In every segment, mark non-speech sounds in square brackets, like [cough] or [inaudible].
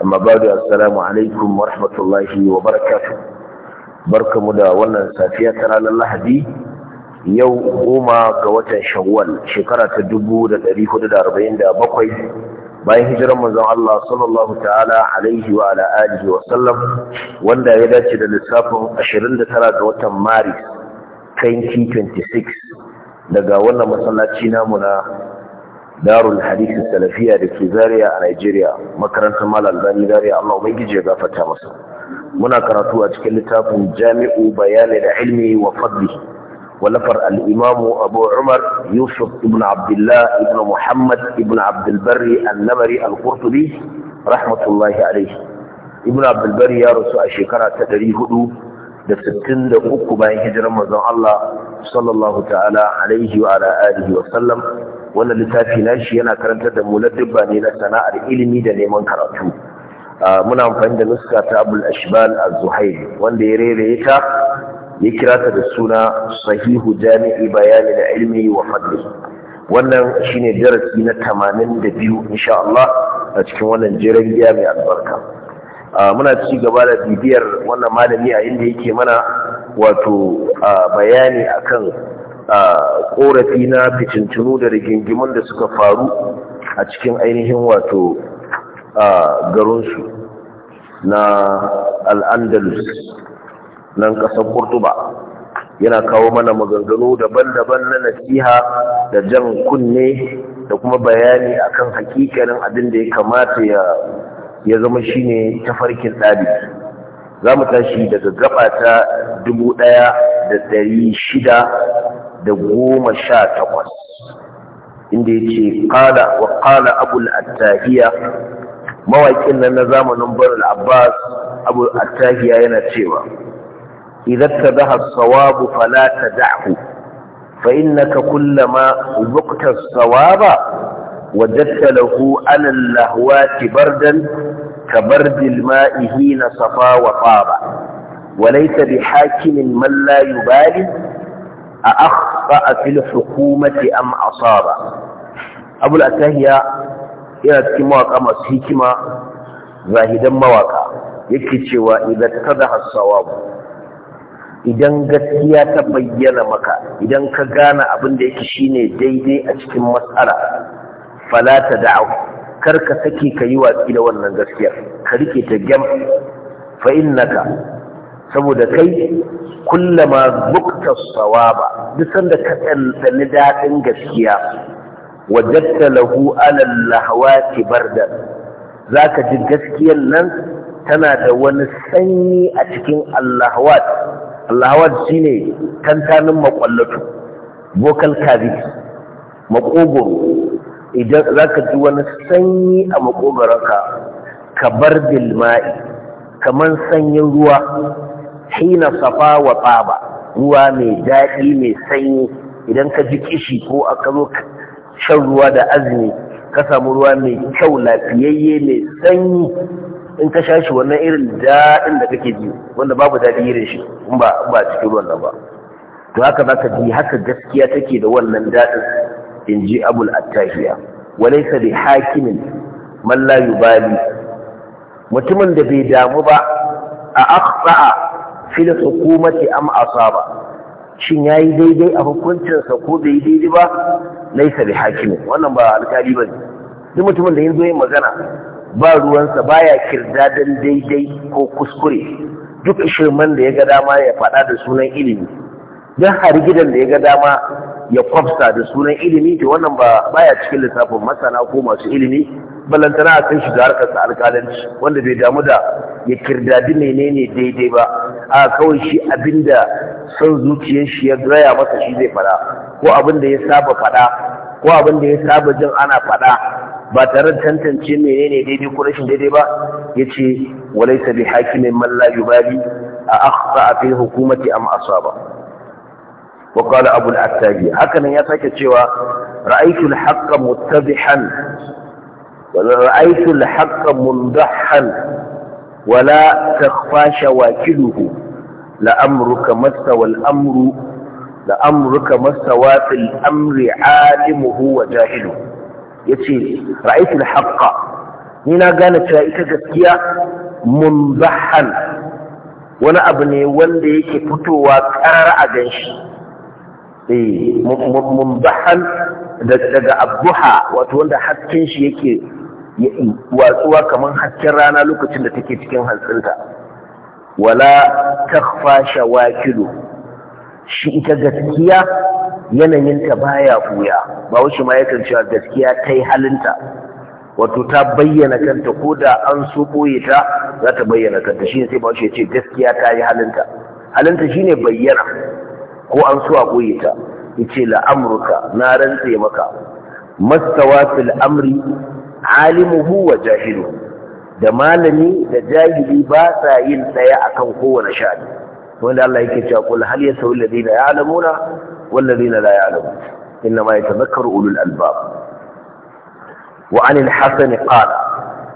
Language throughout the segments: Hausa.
amma ba da assalamu alaikum wa rahmatullahi wa barakatu barkamu da wannan safiya ta ranar lahadi yau goma ga watan shawwal shekara ta dubu da da da arba'in da bakwai, bayan hijirar manzon Allah sallallahu ta'ala alaihi wa ala alihi wa sallam wanda ya dace da lissafin ashirin ga watan maris 2026 daga wannan masallaci namu na darul hadisi salafiya da ke zariya a Najeriya makarantar Malam Albani zariya Allah ubangiji ya gafarta masa muna karatu a cikin littafin Jami'u Bayani da Ilmi wa Fadli walafar al'imamu imam Abu Umar Yusuf ibn Abdullah ibn Muhammad ibn Abdul Barri nabari Al-Qurtubi rahmatullahi alayhi ibn Abdul ya rasu a shekara ta 463 bayan hijirar manzon Allah sallallahu ta'ala alaihi wa ala alihi wa sallam wannan littafi nashi yana karantar da mu ladabba ne na sana'ar ilimi da neman karatu muna amfani da nuska ta Abul Ashbal Az-Zuhairi wanda ya rereye ta ya kira ta da suna Sahihu Jami'i Bayani da Ilmi wa Fadli wannan shine darasi na 82 insha Allah a cikin wannan jiran giya mai albarka muna ci gaba da bibiyar wannan malami a inda yake mana wato bayani akan A korafi na fitintunu da rigingimun da suka faru a cikin ainihin wato a garinsu na al'andalus nan ƙasar kurtuba yana kawo mana maganganu daban-daban na nasiha da jan kunne da kuma bayani akan hakikanin abin da ya kamata ya zama shine farkin ɗabi za mu tashi daga gaba ta shida. da goma sha takwas inda ya ce kala wa kala abul attahiya mawaƙin nan na zamanin barul abbas abul attahiya yana cewa idan ta daha sawabu fala ta da'hu fa innaka kullama zuqta sawaba wajadta lahu anan lahwati bardan ka bardil ma'i na safa wa faba وليس بحاكم من لا يبالي a a fili hukumati am asaba abul atahiya yana cikin mawaka masu hikima zahidan mawaka yake cewa idan tadaha sawabu idan gaskiya ta bayyana maka idan ka gane abin da yake shine daidai a cikin matsala fala ta da'u karka ka sake ka yi watsi da wannan gaskiyar ka rike ta gam fa innaka saboda kai kullama bukta sawaba duk sanda ka tsantsani daɗin gaskiya wajadta lahu alal lahawati bardan zaka ji gaskiyan nan tana da wani sanyi a cikin allahawat allahawat ne tantanin makwallatu vocal cavity makogoro idan zaka ji wani sanyi a makogoronka ka bardil ma'i kaman sanyin ruwa hina safa wa tsaba ruwa mai daɗi mai sanyi idan ka ji kishi ko aka zo shan ruwa da azumi ka samu ruwa mai kyau lafiyayye mai sanyi in ka sha shi wannan irin daɗin da kake ji wanda babu daɗi irin shi in ba ba cikin ruwan nan ba to haka za ka ji haka gaskiya take da wannan daɗin in ji abul attahiya walaysa bi hakimin man la yubali mutumin da bai damu ba a akhta'a fil hukumati am asaba shin yayi daidai a hukuncinsa sa ko bai daidai ba laisa bi hakimi wannan ba alkali bane duk mutumin da yanzu yayin magana ba ruwansa baya kirdadan daidai ko kuskure duk shirman da ya ga dama ya faɗa da sunan ilimi don harigidan da ya ga dama ya kwafsa da sunan ilimi to wannan ba baya cikin lissafin masana ko masu ilimi ballantana a kan shi ga harkarsa alƙalanci wanda bai damu da ya kirdadi menene daidai ba a kawai shi abinda son zuciyar shi ya raya masa shi zai fada ko abinda ya saba fada ko abinda ya saba jin ana fada ba tare da tantance menene daidai ko rashin daidai ba yace walaysa bi hakimin man la yubali a akhta fi hukumati am asaba wa qala abu al-attabi hakanan ya sake cewa ra'aytu al-haqqa muttabihan wani ra'aitul haƙƙa mundahan wala ta fashe wakiluhu la'amruka masta wal amru la'amruka masta wafil amri alimuhu wa jahilu ya ce ra'aitul haƙƙa ni na gane cewa ita gaskiya mundahan wani abu ne wanda yake fitowa ƙarar a gan shi. Eh, mumbahan daga abuha wato wanda hasken shi yake watsuwa kamar hasken rana lokacin da take cikin hantsinta wala wa kilo. shi ita gaskiya yanayinta baya buya ba wuce ma yakan cewa gaskiya ta yi halinta wato ta bayyana kanta ko da an so ɓoye ta za ta bayyana kanta shi ne sai ba wuce ce gaskiya ta yi halinta halinta shi ne bayyana ko an so a ɓoye ta ya ce la'amurka na rantse maka mastawa fil amri alimuhu wa jahiluhu da malami da jahili ba sa yin ɗaya akan kowane sha'ani wanda Allah yake cewa kul hal yasawi alladhina ya'lamuna wal ladina la ya'lamun inma yatadhakkaru ulul albab wa 'an al-hasan qala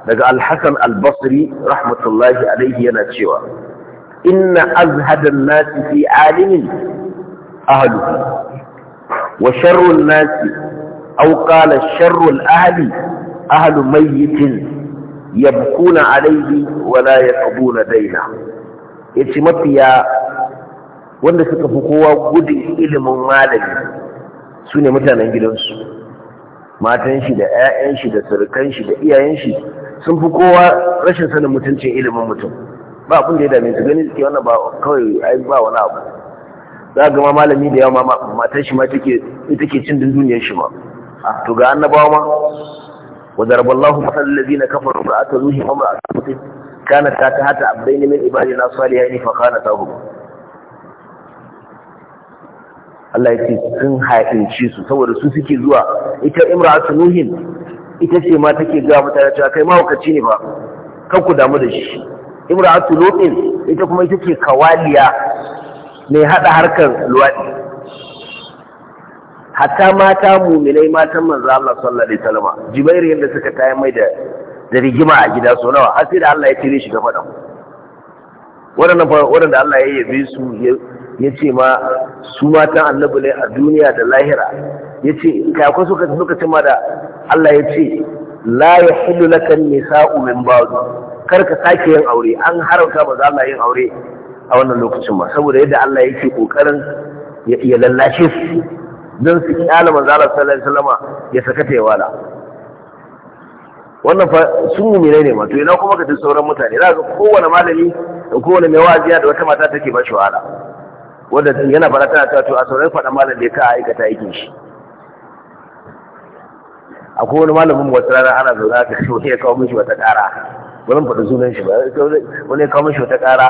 daga al-hasan al-basri rahmatullahi alayhi yana cewa inna azhada an-nas fi 'alimin ahluhu wa sharru an-nas aw qala sharru al-ahli ahlu mayyitin yabkuna wa wala yaqbuna daina yace mafiya wanda suka fi kowa gudun ilimin malami su ne mutanen gidansu matan shi da 'ya'yan shi da surukan shi da iyayen shi sun fi kowa rashin sanin mutuncin ilimin mutum ba abin da ya dame su gani suke wannan ba kawai ai ba wani abu za ga ma malami da yawa matan shi ma ita ke cin dunduniyar shi ma to ga annabawa ma وضرب الله مثل الذين كفروا امرأة نوح وامرأة لوط كانت تحت عبدين من عبادنا صالحين فخانتاهما Allah ya ce sun haƙinci su saboda su suke zuwa ita imra'atu nuhin ita ce ma take ga mutane cewa kai mahaukaci ne ba kan ku damu da shi imra'atu lutin ita kuma ita kawaliya mai haɗa harkar luwaɗi hatta mata muminai matan manzo Allah sallallahu alaihi wasallam jibairu yanda suka tayi mai da da rigima a gida so nawa har sai da Allah ya tire shi da fada wadannan wadanda Allah ya yabe su ya ce ma su matan annabi ne a duniya da lahira ya ce kakwai suka suka ce ma da Allah ya ce la yahillu laka nisa'u min ba'd kar ka sake yin aure an haramta ba za Allah yin aure a wannan lokacin ba saboda yadda Allah yake kokarin ya lallace su don su alama manzala sallallahu alaihi wasallama ya saka ta wala wannan fa sun mumine ne ma to ina kuma ka sauran mutane za ka kowane malami da kowane mai waziya da wata mata take bashi wahala wanda yana fara tana cewa to a sauran faɗa malam da ya ka aikata aikin shi akwai wani malamin wata rana ana zaune aka ce wani ya kawo mishi wata ƙara wani faɗa sunan shi ba wani ya kawo mishi wata ƙara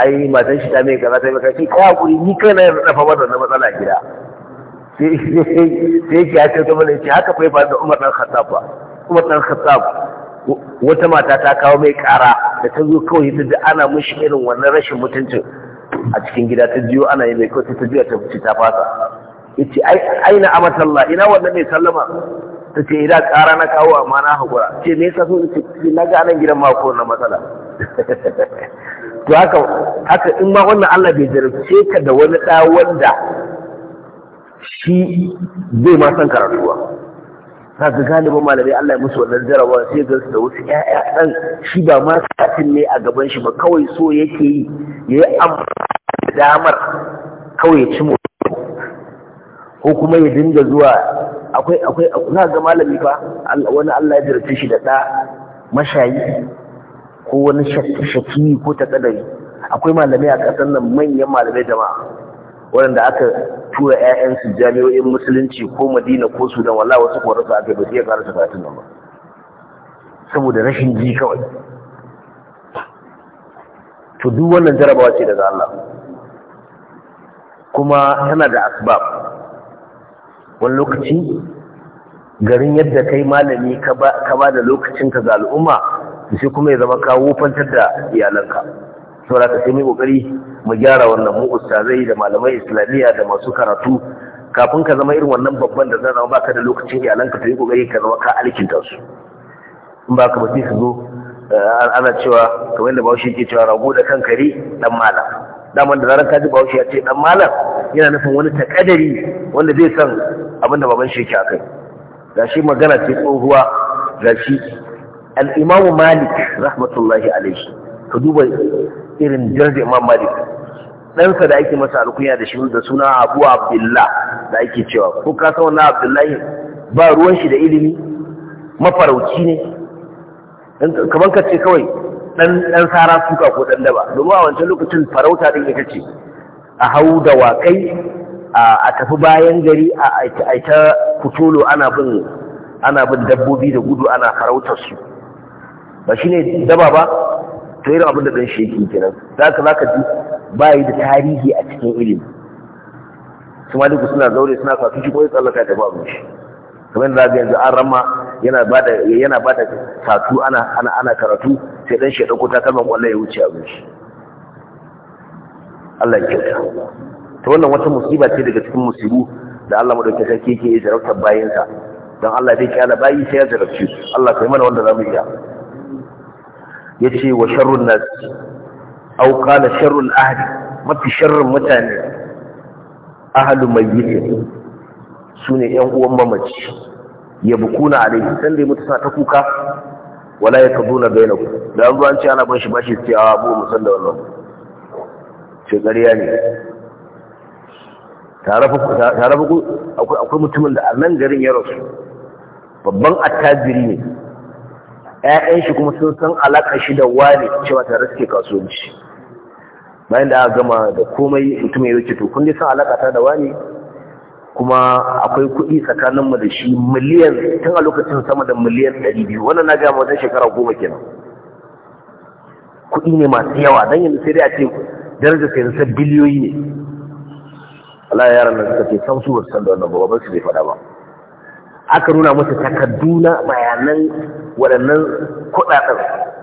ai matan shi ta mai kaza ta mai kaza kawai hakuri ni kai na yanzu na fama na wani matsala gida sai ya ce ta mana ce haka kai ba da Umar dan Khattab ba Umar dan Khattab wata mata ta kawo mai kara da ta zo kawai ta da ana mushi irin wannan rashin mutuncin a cikin gida ta jiyo ana yi mai kawai ta jiya ta fice ta fasa yace ai aina amatallah ina wannan mai sallama ta ce ina kara na kawo amma na haƙura ce me yasa so ce na ga anan gidan mako na matsala [laughs] to haka haka in ma wannan Allah bai jarabce ka da wani ɗa wanda shi zai ma san karatuwa za ga galibin malamai Allah ya musu wannan jarawa sai ga da wasu ƴaƴa ɗan shi ba ma katin ne a gaban shi ba kawai so yake yi ya yi amfani da damar kawai ya ci ko kuma ya dinga zuwa akwai akwai na ga malami fa wani Allah ya jarabce shi da ɗa mashayi ko wani shakki ko takadari akwai malamai a ƙasar nan manyan malamai jama'a waɗanda aka tura 'ya'yansu jami'o'in musulunci ko madina ko sudan wallah wasu su aka bai iya karasa karatun nan ba saboda rashin ji kawai to duk wannan jarabawa ce daga Allah kuma tana da asbab wani lokaci garin yadda kai malami ka ba da lokacinka ga al'umma sai kuma ya zama kawo fantar da iyalanka saboda ka sai mai kokari mu gyara wannan mu ustazai da malamai islamiyya da masu karatu kafin ka zama irin wannan babban da zan zama baka da lokacin iyalanka ta yi kokari ka zama ka alkinta su in ba ba sai zo eh, ana cewa kamar da bahaushe ke cewa rago da kan kare dan malam daman da zaran ka ji bahaushe ya ce dan malam yana nufin wani takadari wanda zai san abin da baban shi ke akai gashi magana ce tsohuwa gashi al-imamu malik rahmatullahi alaihi ka duba irin jirgin imam malik ɗansa da ake masa alkunya da shi da suna abu abdullah da ake cewa ko ka san wannan abdullahi ba ruwan shi da ilimi mafarauci ne kamar ka ce kawai ɗan sara suka ko ɗan daba domin a wancan lokacin farauta ɗin ita ce a hau da wakai a tafi bayan gari a aita kutolo ana bin ana bin dabbobi da gudu ana farautar su ba shine daba ba Ta irin abin da ɗan shi yake kenan za ka za ka ji ba yi da tarihi a cikin ilimi su maliku suna zaure suna kwasu shi kawai tsallaka ta ba abinci kamar yadda zaga yanzu an rama yana ba da yana ba da tatu ana ana ana karatu sai dan shi ɗauko takalman kwallo ya wuce abinci Allah ya kyauta Ta wannan wata musiba ce daga cikin musibu da Allah madaukakin sarki yake jarabtar bayansa, don Allah zai kyala bayi sai ya jarabci Allah kai mana wanda za mu iya Ya ce wa sharrun nas aw qala sharrun ahli mafi sharrun mutane ahlu su sune yan uwan mamaci Ya a alaihi san ya mutu ta kuka wala yakduna ku da an ruwan ce ana ban shi bashi ce a abu musan da wannan ce gariya ne tare fa akwai mutumin da a nan garin ya rasu babban attajiri ne ‘ya’yan shi kuma sun san alaƙa shi da wani cewa tare suke kasuwanci bayan da aka gama da komai mutum ya wuce to kun san alaƙa ta da wani kuma akwai kuɗi tsakanin mu da shi miliyan tun a lokacin sama da miliyan 200 wannan na gama wajen shekara goma kenan kuɗi ne masu yawa don yanzu sai dai a ce darajar sai sa biliyoyi ne Allah ya yaran da suka ce san su ba san da wannan ba ba su bai faɗa ba aka nuna masa takardu na bayanan waɗannan kuɗaɗen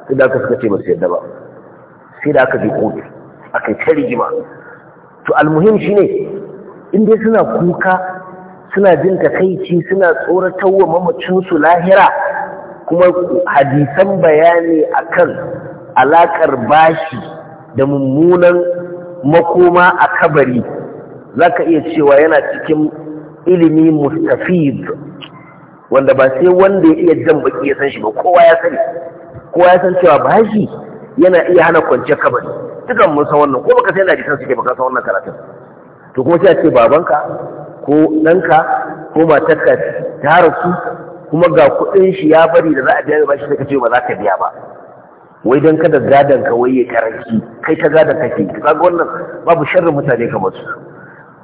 sai da aka suka ce masu yadda ba sai da aka bi kotu aka yi ta rigima to almuhim shi ne in suna kuka suna jin takaici suna tsoratar wa mamacinsu lahira kuma hadisan bayani akan alaƙar bashi da mummunan makoma a kabari za ka iya cewa yana cikin ilimi mustafid wanda ba sai wanda ya iya jan baki ya san shi ba kowa ya sani kowa ya san cewa bashi yana iya hana kwanciyar kabari dukan mun san wannan ko baka sai na jikin suke baka san wannan karatun to kuma sai a ce babanka ko ɗanka ko matarka ta rasu kuma ga kuɗin shi ya bari da za a biya bashi sai ka ce ba za ka biya ba wai don kada gadon ka wai ya karanci kai ta gadon kake ga wannan babu sharrin mutane kamar su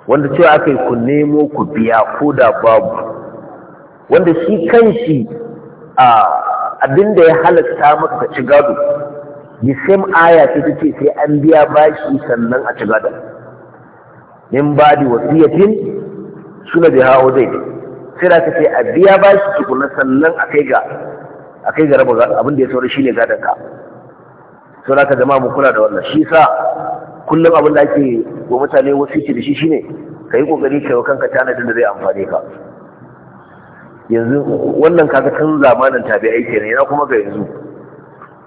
wanda cewa aka yi ku nemo ku biya ko da babu wanda shi kanshi da ya halatta maka ka ci gado yi same aya ce take sai an biya bashi sannan a ci gado min ba da wasiyatin suna da hawa zai sai da ce a biya bashi tukuna sannan a kai ga a kai ga raba abin da ya saura shine gadon ka sau da ka jama'a mu kula da wannan shi sa kullum abin da ake wa mutane wasu da shi shine kai kokari kai wa kanka tanadin da zai amfane ka yanzu wannan kaga kan zamanin tabi'ai kenan yana kuma ga yanzu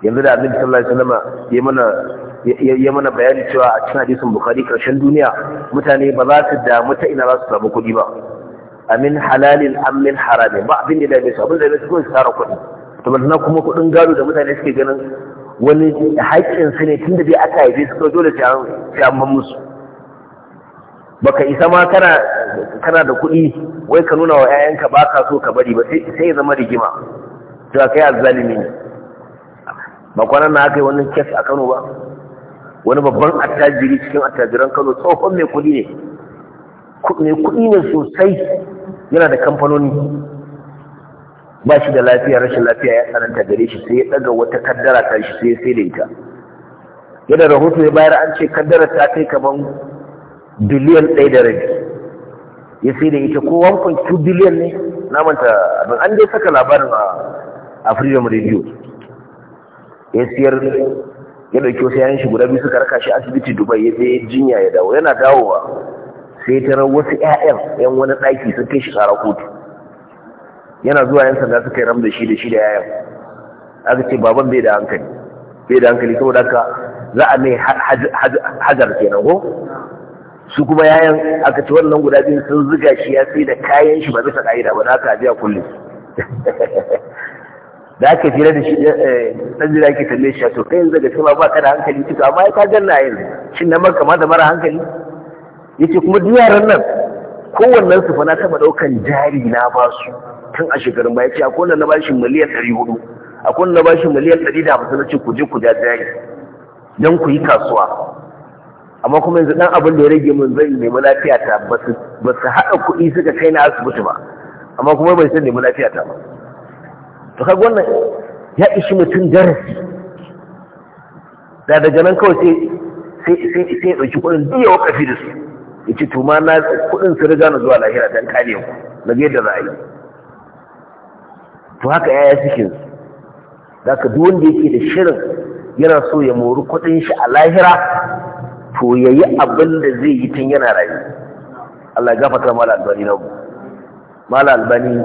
yanzu da annabi sallallahu alaihi wasallam ya mana ya mana bayani cewa a cikin hadisin bukhari karshen duniya mutane ba za su damu ta ina za su samu kuɗi ba amin halalin amin haramin ba abin da ya dame su abin da ya dame su tara kuɗi to na kuma kuɗin gado da mutane suke ganin wani haƙƙin su ne tun da aka haife su dole sai an musu baka isa ma kana kana da kuɗi wai ka nuna wa 'ya'yanka ba ka so ka bari ba sai ya zama rigima cewa kai azzalimi ne ba kwana na aka yi wannan kes a kano ba wani babban attajiri cikin attajiran kano tsohon mai kuɗi ne mai kuɗi ne sosai yana da kamfanoni ba shi da lafiya rashin lafiya ya tsananta gare shi sai ya ɗaga wata kaddara ta shi sai ya sai da ita yana rahoto ya bayar an ce kaddara ta kai kamar biliyan ɗaya da rabi ya sai da ita ko 1.2 billion ne na manta abin an dai saka labarin a freedom radio ya siyar ya dauki wasu yayin shi guda biyu suka raka shi asibiti dubai ya je jinya ya dawo yana dawowa sai ta ran wasu ƴaƴan yan wani ɗaki sun kai shi tsara kotu yana zuwa yan sanda suka yi ram da shi da shi da yayan aka ce baban bai da hankali bai da hankali saboda haka za a mai hajar kenan ko su kuma yayan aka ci wannan guda biyu sun zuga shi ya sai da kayan shi ba bisa ka'ida ba na ka biya kullum [laughs] da aka fira da shi eh, eh, ɗan jira ke talle shi to kai yanzu ga cewa ba ka da hankali cika amma ya ka ganna yanzu shin na maka ma da mara hankali yace kuma duk yaran nan kowannen su fa na taba daukan jari na ba su tun a shekarun ya ce akwai wannan na bashi miliyan 400 akwai wannan na bashi miliyan da hamsin na ce ku je ku ja jari dan ku yi kasuwa amma kuma yanzu dan abin da ya rage mun zai nemi lafiya ta ba su haɗa kuɗi suka kai na asibiti ba amma kuma bai san nemi lafiya ta ba to kaga wannan ya ishi mutum darasi da daga nan kawai sai sai sai ɗauki kuɗin duk ya wakafi da su yace to ma na kuɗin su riga na zuwa lahira dan kare ku na ga yadda za a yi to haka yaya suke su da duk wanda yake da shirin yana so ya mori kuɗin shi a lahira to yi abin da zai yi tun yana rayu Allah ya gafarta mala albani na mu mala albani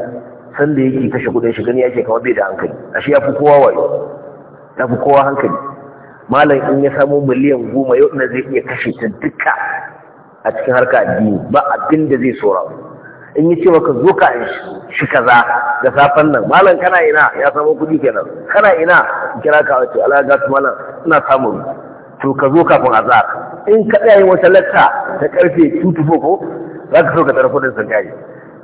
san da yake kashe kudin shi gani yake kamar bai da hankali ashe ya fi kowa wayo ya fi kowa hankali malam in ya samu miliyan goma yau na zai iya kashe ta duka a cikin harka addini ba abin da zai sora in yi cewa ka zo ka shi kaza da safen nan malam kana ina ya samu kudi kenan kana ina kira ka wace alaga malam ina samun to ka zo kafin azhar in ka tsaya yin wata lakka ta karfe 2 4 za ka so ka tsara kudin sun gari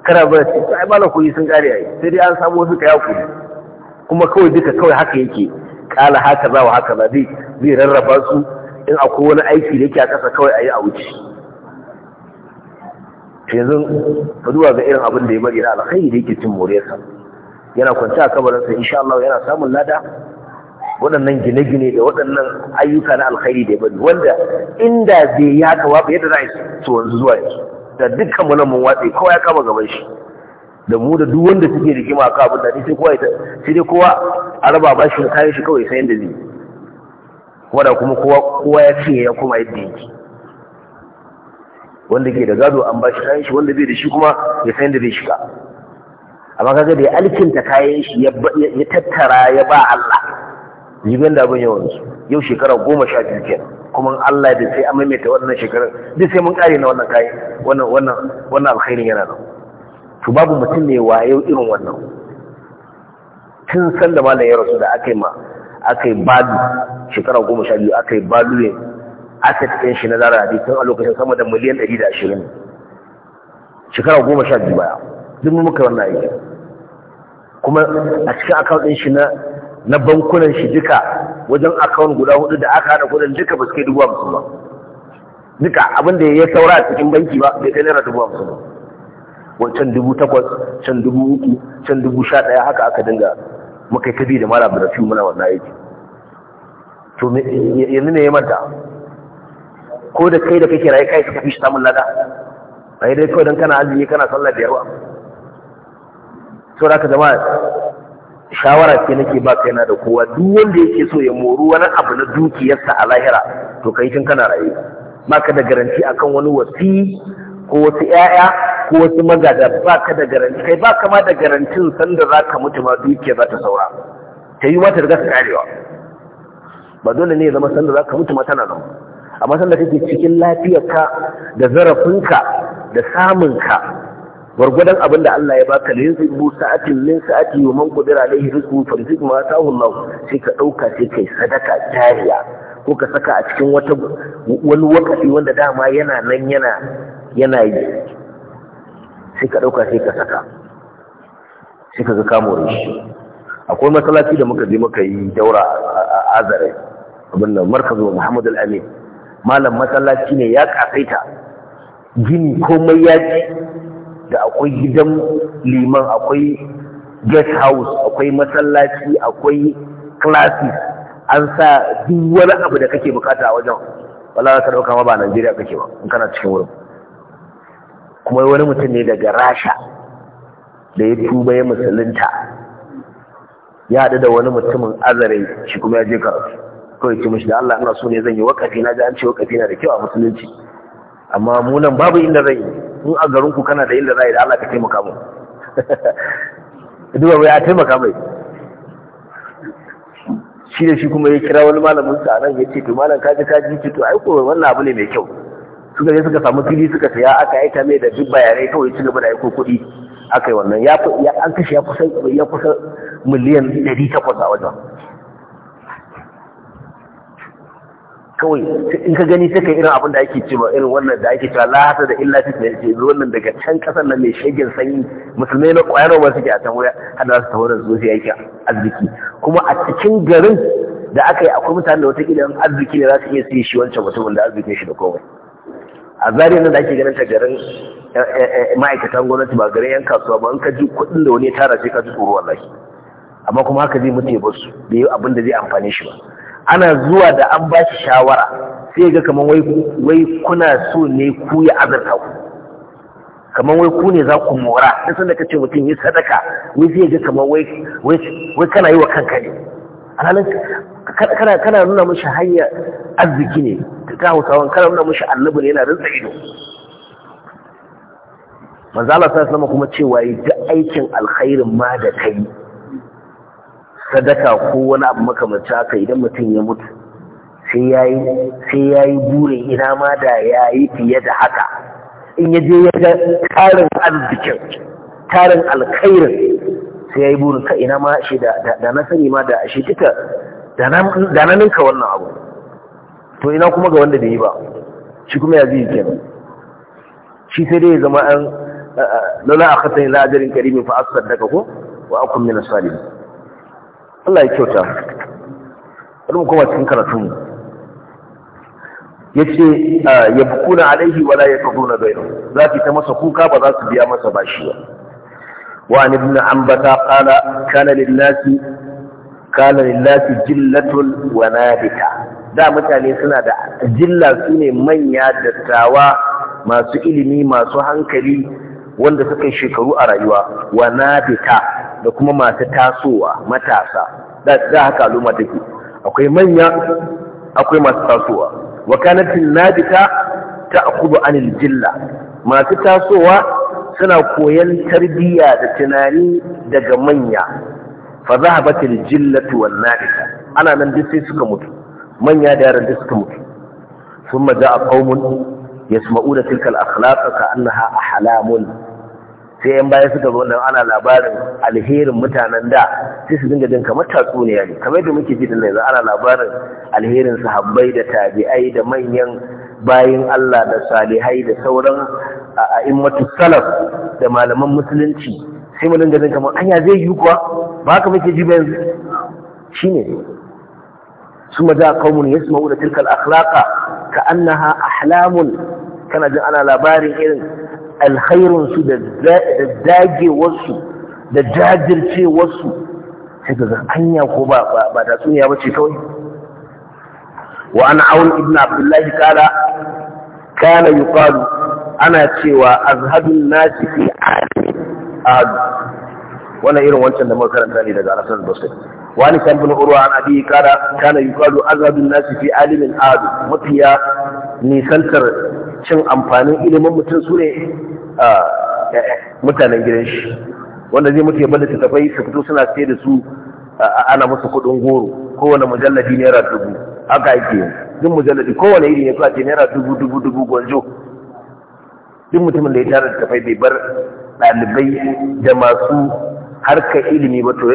kana ba ce ai malam kuyi sun gari ai sai dai an samu wasu kaya kuyi kuma kawai duka kawai haka yake kala haka za wa haka za zai zai rarraba su in akwai wani aiki da yake a kasa kawai a yi a wuce yanzu ka zuwa ga irin abin da ya bari na alkhairi da yake cin moriyarsa yana kwanci a kabarinsa insha Allah yana samun lada waɗannan gine-gine da waɗannan ayyuka na alkhairi da ya bari wanda inda zai yi haka ba yadda za a yi su wanzu zuwa yanzu da dukkan mu mun watsi kowa ya kama gaban shi da mu da duk wanda suke rigima a kabin da sai kowa sai dai kowa a raba ba shi kayan shi kawai sai yanda zai wanda kuma kowa kowa ya ce ya kuma yadda yake wanda ke da gado an ba shi kayan shi wanda bai da shi kuma ya san yadda zai shiga amma kaga da ya alkinta kayan shi ya tattara ya ba Allah jibin da abin yawan su yau shekara goma sha biyu kenan kuma Allah da sai an maimaita wannan shekarar da sai mun kare na wannan kayi wannan wannan wannan alkhairin yana nan to babu mutum ne wa yau irin wannan tun san da malam ya rasu da aka yi ma aka yi badu shekara goma sha biyu aka yi badu ne asset ɗin shi na zara da tun a lokacin sama da miliyan ɗari da ashirin shekara goma sha biyu baya duk muka wannan aiki kuma a cikin akawun ɗin shi na na bankunan shi duka wajen akawun guda hudu da aka haɗa kudin duka ba su kai dubu hamsin ba duka abinda ya saura a cikin banki ba bai kai naira dubu hamsin ba wancan dubu takwas can dubu uku can dubu sha ɗaya haka aka dinga muka yi tabi da mara abu da fi muna wannan aiki to yanzu ne ya manta ko da kai da kake raye kai suka fi shi samun lada a yi dai kawai don kana azumi kana sallah biyar ba saboda haka jama'a shawara ce nake ba yana da kowa duk wanda yake so ya moru wani abu na dukiyarsa a lahira to kai tun kana raye ka da garanti akan wani wasi ko wasu ƴaƴa ko wasu magada ka da garanti kai ba ka ma da garantin sanda zaka mutu ma dukiya za ta saura ta yi wata daga karewa ba dole ne ya zama sanda zaka mutu ma tana nan amma sanda kake cikin lafiyarka da zarafinka da samunka gwargwadon abin da Allah ya baka da yanzu bu sa'atin min sa'ati wa man qadira alaihi rizqu fa rizqu ma ta'ahu Allah sai ka dauka sai kai sadaka jariya ko ka saka a cikin wata wani wakafi wanda dama yana nan yana yana yi sai ka dauka sai ka saka sai ka ga kamo shi akwai masallaci da muka je muka yi daura a Azare abin nan markazu Muhammad al-Amin malam masallaci ne ya kafaita gini komai ya ce da akwai gidan liman akwai guest house akwai masallaci akwai classes an sa duk wani abu da kake bukata a wajen wala ka dauka ma ba Najeriya kake ba in kana cikin wurin kuma wani mutum ne daga Rasha da ya tuba ya musulunta ya haɗu da wani mutumin azare shi kuma ya je karatu kawai ce mashi da Allah ina so ne zan yi wakafi na ji an ce wakafi na da kyau a musulunci amma mu babu inda zan yi in a garin ku kana da inda za a yi da Allah ka taimaka mu duba bai a taimaka mai shi da shi kuma ya kira wani malamin sa nan ya ce to malam kaji kaji ce to ai ko wannan abu ne mai kyau suka je suka samu fili suka saya aka aika mai da duk bayanai kawai ci gaba da aiko kuɗi aka yi wannan ya an kashe ya kusan miliyan ɗari takwas a wajen kawai in ka gani sai kai irin abin da ake cewa irin wannan da ake cewa la hasa da illa fi sai ce wannan daga can kasar nan mai shegen sanyi musulmai na kwayar ba suke a can wuya hada su tawo da su sai yake arziki kuma a cikin garin da aka yi akwai mutane da wata kila arziki ne za su iya siye shi wancan mutumin da arzikin shi da komai a zari nan da ake ganin ta garin eh, eh, eh, ma'aikatan gwamnati ba garin yan kasuwa ba in ka ji kuɗin da wani ya tara sai ka ji tsoro wallahi amma kuma haka zai mutu ya bar su bai yi abin da zai amfane shi ba ana zuwa da an ba shi shawara sai ga kamar wai kuna so ne ku ya azurta ku kamar wai ku ne za ku mora na sanda ka ce mutum yi sadaka ni sai ga kamar wai kana yi wa kanka ne alhalin kana nuna mashi hanyar arziki ne ta hausawan kana nuna mashi annabi ne yana rinsa ido manzo Allah sai kuma cewa yi duk aikin alkhairin ma da kai sadaka ko wani abu makamanci haka idan mutum ya mutu sai ya yi burin ina ma da ya yi fiye da haka in ya je ya ga tarin arzikin tarin alkhairin sai ya yi burin ka ina ma shi da na sani ma da shi duka da na ninka wannan abu to ina kuma ga wanda bai yi ba shi kuma ya zai kenan shi sai dai zama an lola a kasani la'adarin karimin fa'asar daga ko wa akwai mina Allah ya kyauta bari mu koma cikin karatun yace ah, bukuna alaihi wala na bayan za ki ta masa kuka ba za su biya masa bashi ba wa an ba ta kala kana lin kana da mutane suna da jilla ne manya dattawa masu ilimi masu hankali wanda suka shekaru a rayuwa wanabita da kuma masu tasowa matasa da haka al'umma take akwai manya akwai masu tasowa wa kanatin ta a anil jilla masu tasowa suna koyan tarbiyya da tunani daga manya fa zahabatil jillatu wan nabita ana nan duk sai suka mutu manya da yaran duk suka mutu thumma ja'a qaumun yasma'una tilka al akhlaq ka annaha ahlamun sai yan baya suka zo nan ana labarin alherin mutanen da sai su dinga jin kamar tatsuniya ne kamar da muke ji da yanzu ana labarin alherin sahabbai da tabi'ai da manyan bayin Allah da salihai da sauran a'immatu salaf da malaman musulunci sai mu dinga jin kamar anya zai yi kuwa ba haka muke ji ba yanzu shine su ma maza qaumun yasma'u da tilkal akhlaqa ka annaha ahlamun kana jin ana labarin irin alkhairinsu da dagewarsu da jajircewarsu sai ga hanya ko ba ba da tsuniya ba ce kawai wa ana aun ibn abdullahi kala kana yuqalu ana cewa azhabun nasi fi ahad wannan irin wancan da muka karanta ne daga Hasan Wa ni kan bin urwa an abi kala kana yuqalu azhabun nasi fi alimin ahad mutiya nisantar cin amfanin ilimin mutum su ne mutanen gidan shi wanda zai mutu ya bada tafai su fito suna sai da su ana musu kudin goro kowane mujalladi naira dubu haka ake yin duk mujalladi kowane iri ne kwace naira dubu dubu dubu gwanjo duk mutumin da ya tara tafai bai bar ɗalibai da masu harkar ilimi ba to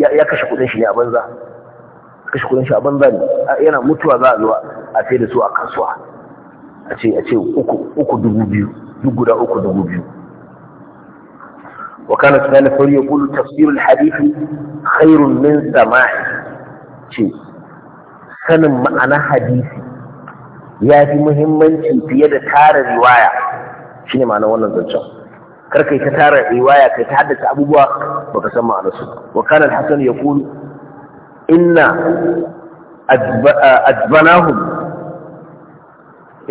ya kashe kudin shi ne a banza kashe kudin shi a banza ne yana mutuwa za a zuwa a sai da su a kasuwa a ce a ce uku dubu biyu duk guda uku dubu biyu wa kana tunani sauri ya kulu tafsirul hadithi khairun min sama'i ce sanin ma'ana hadisi ya fi muhimmanci fiye da tara riwaya shi ne ma'ana wannan zancen karkai ta tara riwaya kai ta haddace abubuwa baka san su. wa kana hasan ya kulu inna adbanahum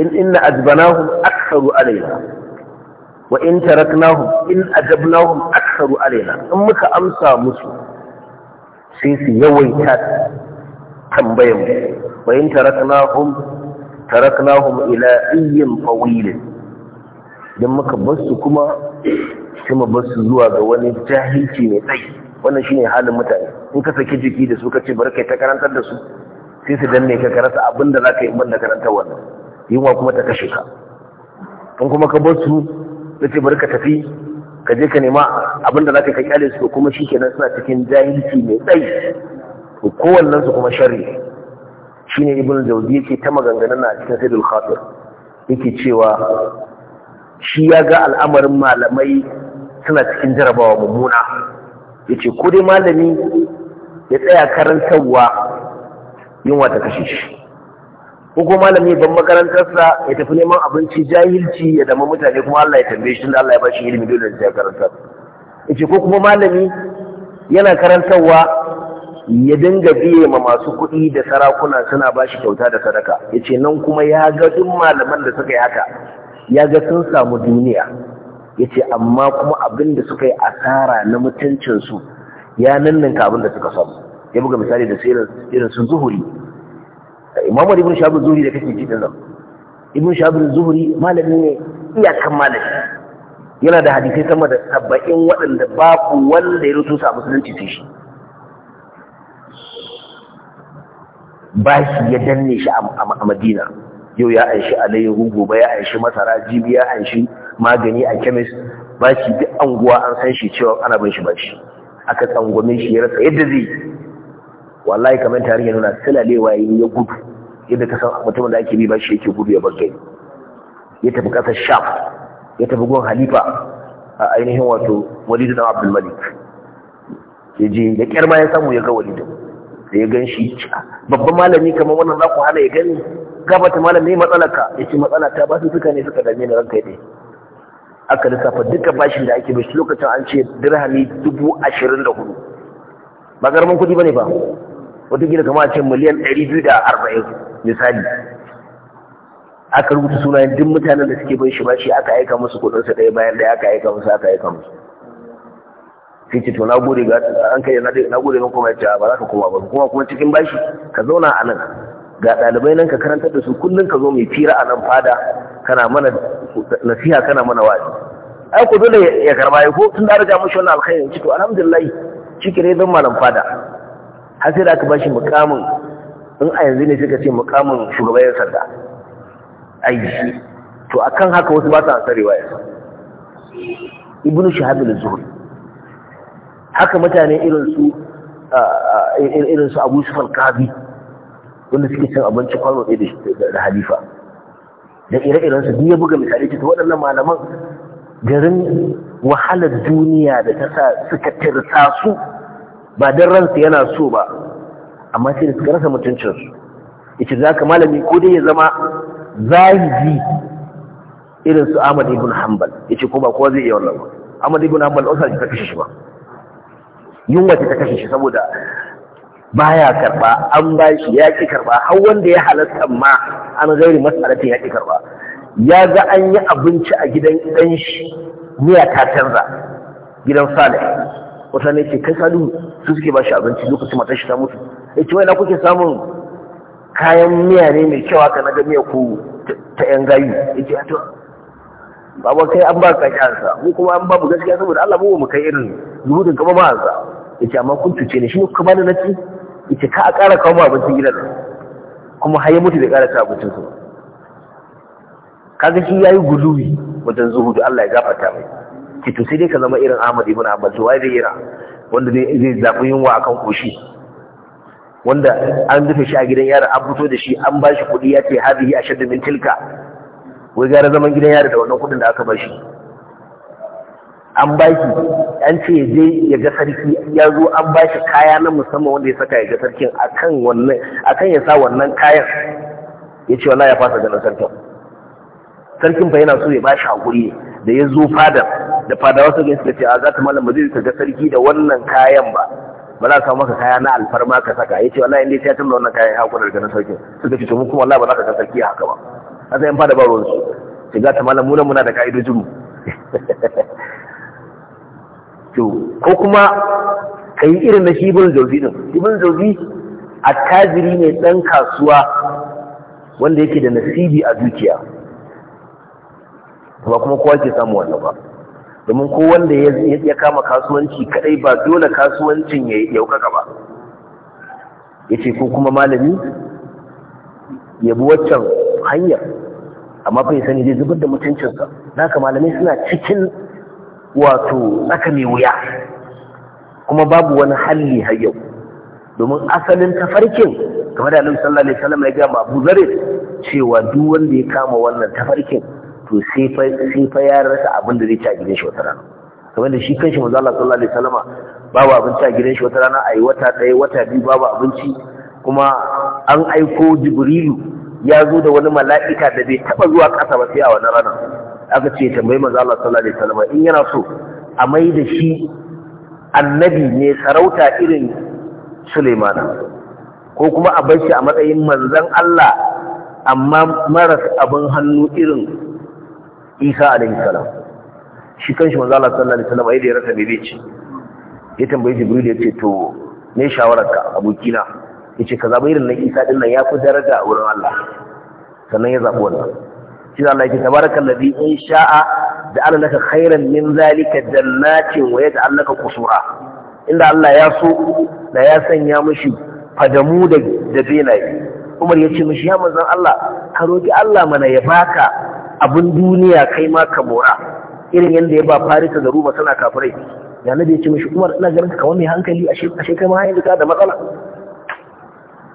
in inna ajbanahum aktharu alaina wa in taraknahum in aktharu alaina in muka amsa musu sai su yawaita tambayar mu wa in taraknahum taraknahum ila ayyin dan muka basu kuma kuma basu zuwa ga wani jahilci mai tsayi wannan shine halin mutane in ka saki jiki da su ka ce barkai ta karantar da su sai su danne ka karasa abinda zaka yi banda karantar wannan yunwa kuma ta kashe ka in kuma ka bar su ce bari ka tafi ka je ka nema abin da zaka ka kyale su kuma shi kenan suna cikin jahilci mai tsayi to kowannen su kuma sharri shine ibnu jawzi yake ta maganganu a cikin sayyidul khatir yake cewa shi ya ga al'amarin malamai suna cikin jarabawa mummuna yace ko dai malami ya tsaya karantarwa yunwa ta kashe shi ko kuma malami ban makarantarsa ya tafi neman abinci jahilci ya dama mutane kuma Allah ya tambaye shi Allah ya bashi ilimi dole da ya karanta yace ko kuma malami yana karantarwa ya dinga biye ma masu kuɗi da sarakuna suna bashi kyauta da sadaka yace nan kuma ya ga duk malaman da suka yi haka ya ga sun samu duniya yace amma kuma abin da suka yi asara na mutuncinsu ya nanninka abin da suka samu ya buga misali da irin sun zuhuri imamu ibn shabir zuhri da kake jidin nan ibn shabir zuhri malami ne iyakan malami yana da hadisai sama da saba'in waɗanda babu wanda ya rutu sa musulunci cikin shi ba shi ya danne shi a madina yau ya anshi alayyahu gobe ya anshi masara jibi ya anshi magani a kemis ba shi duk anguwa an san shi cewa ana bin shi ba shi aka tsangwame shi ya rasa yadda zai wallahi kamar tarihi nuna silalewa ya gudu yadda ka san mutumin da ake bi ba shi yake gudu ya bar ya tafi ƙasar sham ya tafi gun halifa a ainihin wato walidu na abdul malik ya je da kyar ma ya samu ya ga walidu da ya gan shi babban malami kamar wannan za ku hana ya gani gabata malam ne matsalaka ya ce matsala ta ba su suka ne suka dame ni ranka ya aka lissafa duka bashin da ake bashi lokacin an ce dirhami dubu ashirin da hudu ba karamin kuɗi ba ne ba wata gina kama a ce miliyan ɗari biyu da arba'in misali aka rubuta sunayen duk mutanen da suke bin shi ba shi aka aika musu kudinsa ɗaya bayan ɗaya aka aika musu aka aika musu sai ce to na gode ga an kai na gode kuma ya ba za ka koma ba kuma kuma cikin bashi ka zauna a nan ga ɗalibai nan ka karantar da su kullum ka zo mai fira a nan fada kana mana nasiha kana mana wa'azi ai ku dole ya karba ya ko tun da riga mushi wannan alkhairi ce to alhamdulillah cikire kire don malam fada har sai da aka bashi mukamin in a yanzu ne suka ce mukamin shugaban yan sanda aiki to akan haka wasu ba su ya riwayarsa ibn shahab al-zuhri haka mutane irin su irin su kabi wanda suke cin abinci kwano ɗaya da halifa da ire-iren su ya buga misali ta waɗannan malaman garin wahalar duniya da ta sa suka tirsa su ba don ransu yana so ba amma sai da suka rasa mutuncinsu yace za ka malami ko dai ya zama zahidi irin su Ahmad ibn Hanbal yace ko ba kowa zai iya wannan ba Ahmad ibn Hanbal osa ta kashe shi ba yunwa ta kashe shi saboda ba ya karba an ba shi ya ki karba har wanda ya halatta ma an gairi mas'alatin ya ki karba ya ga an yi abinci a gidan ɗan shi miya ta canza gidan Salih wata ne ce kai Salihu su suke ba shi abinci lokacin matar shi ta mutu ya ce na kuke samun kayan miya ne mai kyau haka na ga miya ku ta yan gayu ya ce to babu kai an ba kashi ansa mu kuma an babu gaskiya saboda Allah mu mu kai irin rubutun kama ba ansa ya ce amma kun tuce ne shi kuka bani na ci ya ce ka a ƙara kawo mu abincin gidan kuma har ya mutu da ƙara ta abincin su kaga shi yayi guluwi wajen zuhudu Allah ya gafarta mai ki to sai dai ka zama irin Ahmad ibn Hanbal to wai da ira wanda zai zafi yunwa akan koshi wanda an rufe shi a gidan yari an fito da shi an bashi kuɗi ya ce hadihi a shadda min tilka wai gara zaman gidan yari da wannan kuɗin da aka shi. an baki an ce ya je ya ga sarki ya zo an bashi kaya na musamman wanda ya saka ya ga sarkin akan wannan akan ya sa wannan kayan ya ce wallahi ya fasa ganin sarkin sarkin ba yana so ya bashi hakuri da ya zo fada, da fadawa suka ce a za ta malam zai ka ga sarki da wannan kayan ba ba za ka maka kaya na alfarma ka saka ya ce wallahi inda ya tun da wannan kayan hakuna daga na sauke suka ce mu kuma wallahi ba za ka ga sarki haka ba a zai fada ba ruwan su za ta malam muna muna da ka'idojin mu [laughs] ko kuma ka yi irin na shibin zauzi din shibin a attajiri ne dan kasuwa wanda yake da nasibi a dukiya ba kuma kowa ke samu wannan ba domin ko wanda ya kama kasuwanci kadai ba dole kasuwancin ya yaukaka ba yace ko kuma malami ya bi waccan hanyar amma fa sani zai zubar da mutuncinsa haka malamai suna cikin wato tsaka mai wuya kuma babu wani halli har yau domin asalin tafarkin game da Annabi sallallahu alaihi ya ga Abu cewa duk wanda ya kama wannan tafarkin to sai fa ya rasa abin da zai ci a gidan shi wata rana kamar da shi shi manzo Allah sallallahu alaihi wasallama babu abinci a gidan shi wata rana ayi wata ɗaya wata biyu babu abinci kuma an aiko Jibrilu ya zo da wani mala'ika da bai taba zuwa ƙasa ba sai a wannan ranar aka ce tambayi manzo Allah sallallahu alaihi wasallama in yana so a mai da shi annabi ne sarauta irin Sulaimana ko kuma a bar shi a matsayin manzon Allah amma maras abin hannu irin isa alaihi salam shi kanshi manzo Allah sallallahu alaihi wasallam da ya rasa bebe ce ya tambaye jibril ya ce to ne shawararka abokina ya ce kaza irin na isa din nan ya fi daraja a wurin Allah sannan ya zaɓi wannan shi Allah ya ce tabarakal ladhi in sha'a da Allah laka khairan min zalika jannatin wa yaj'al laka qusura inda Allah ya so da ya sanya mishi fadamu da da benaye Umar ya ce mishi ya manzon Allah ka roki Allah mana ya baka abin duniya kai ma ka mora irin yadda ya ba farisa da ruma tana kafirai ya nabi ya ce mashi umar ina ganin kawai mai hankali a shekara ma yanzu ka da matsala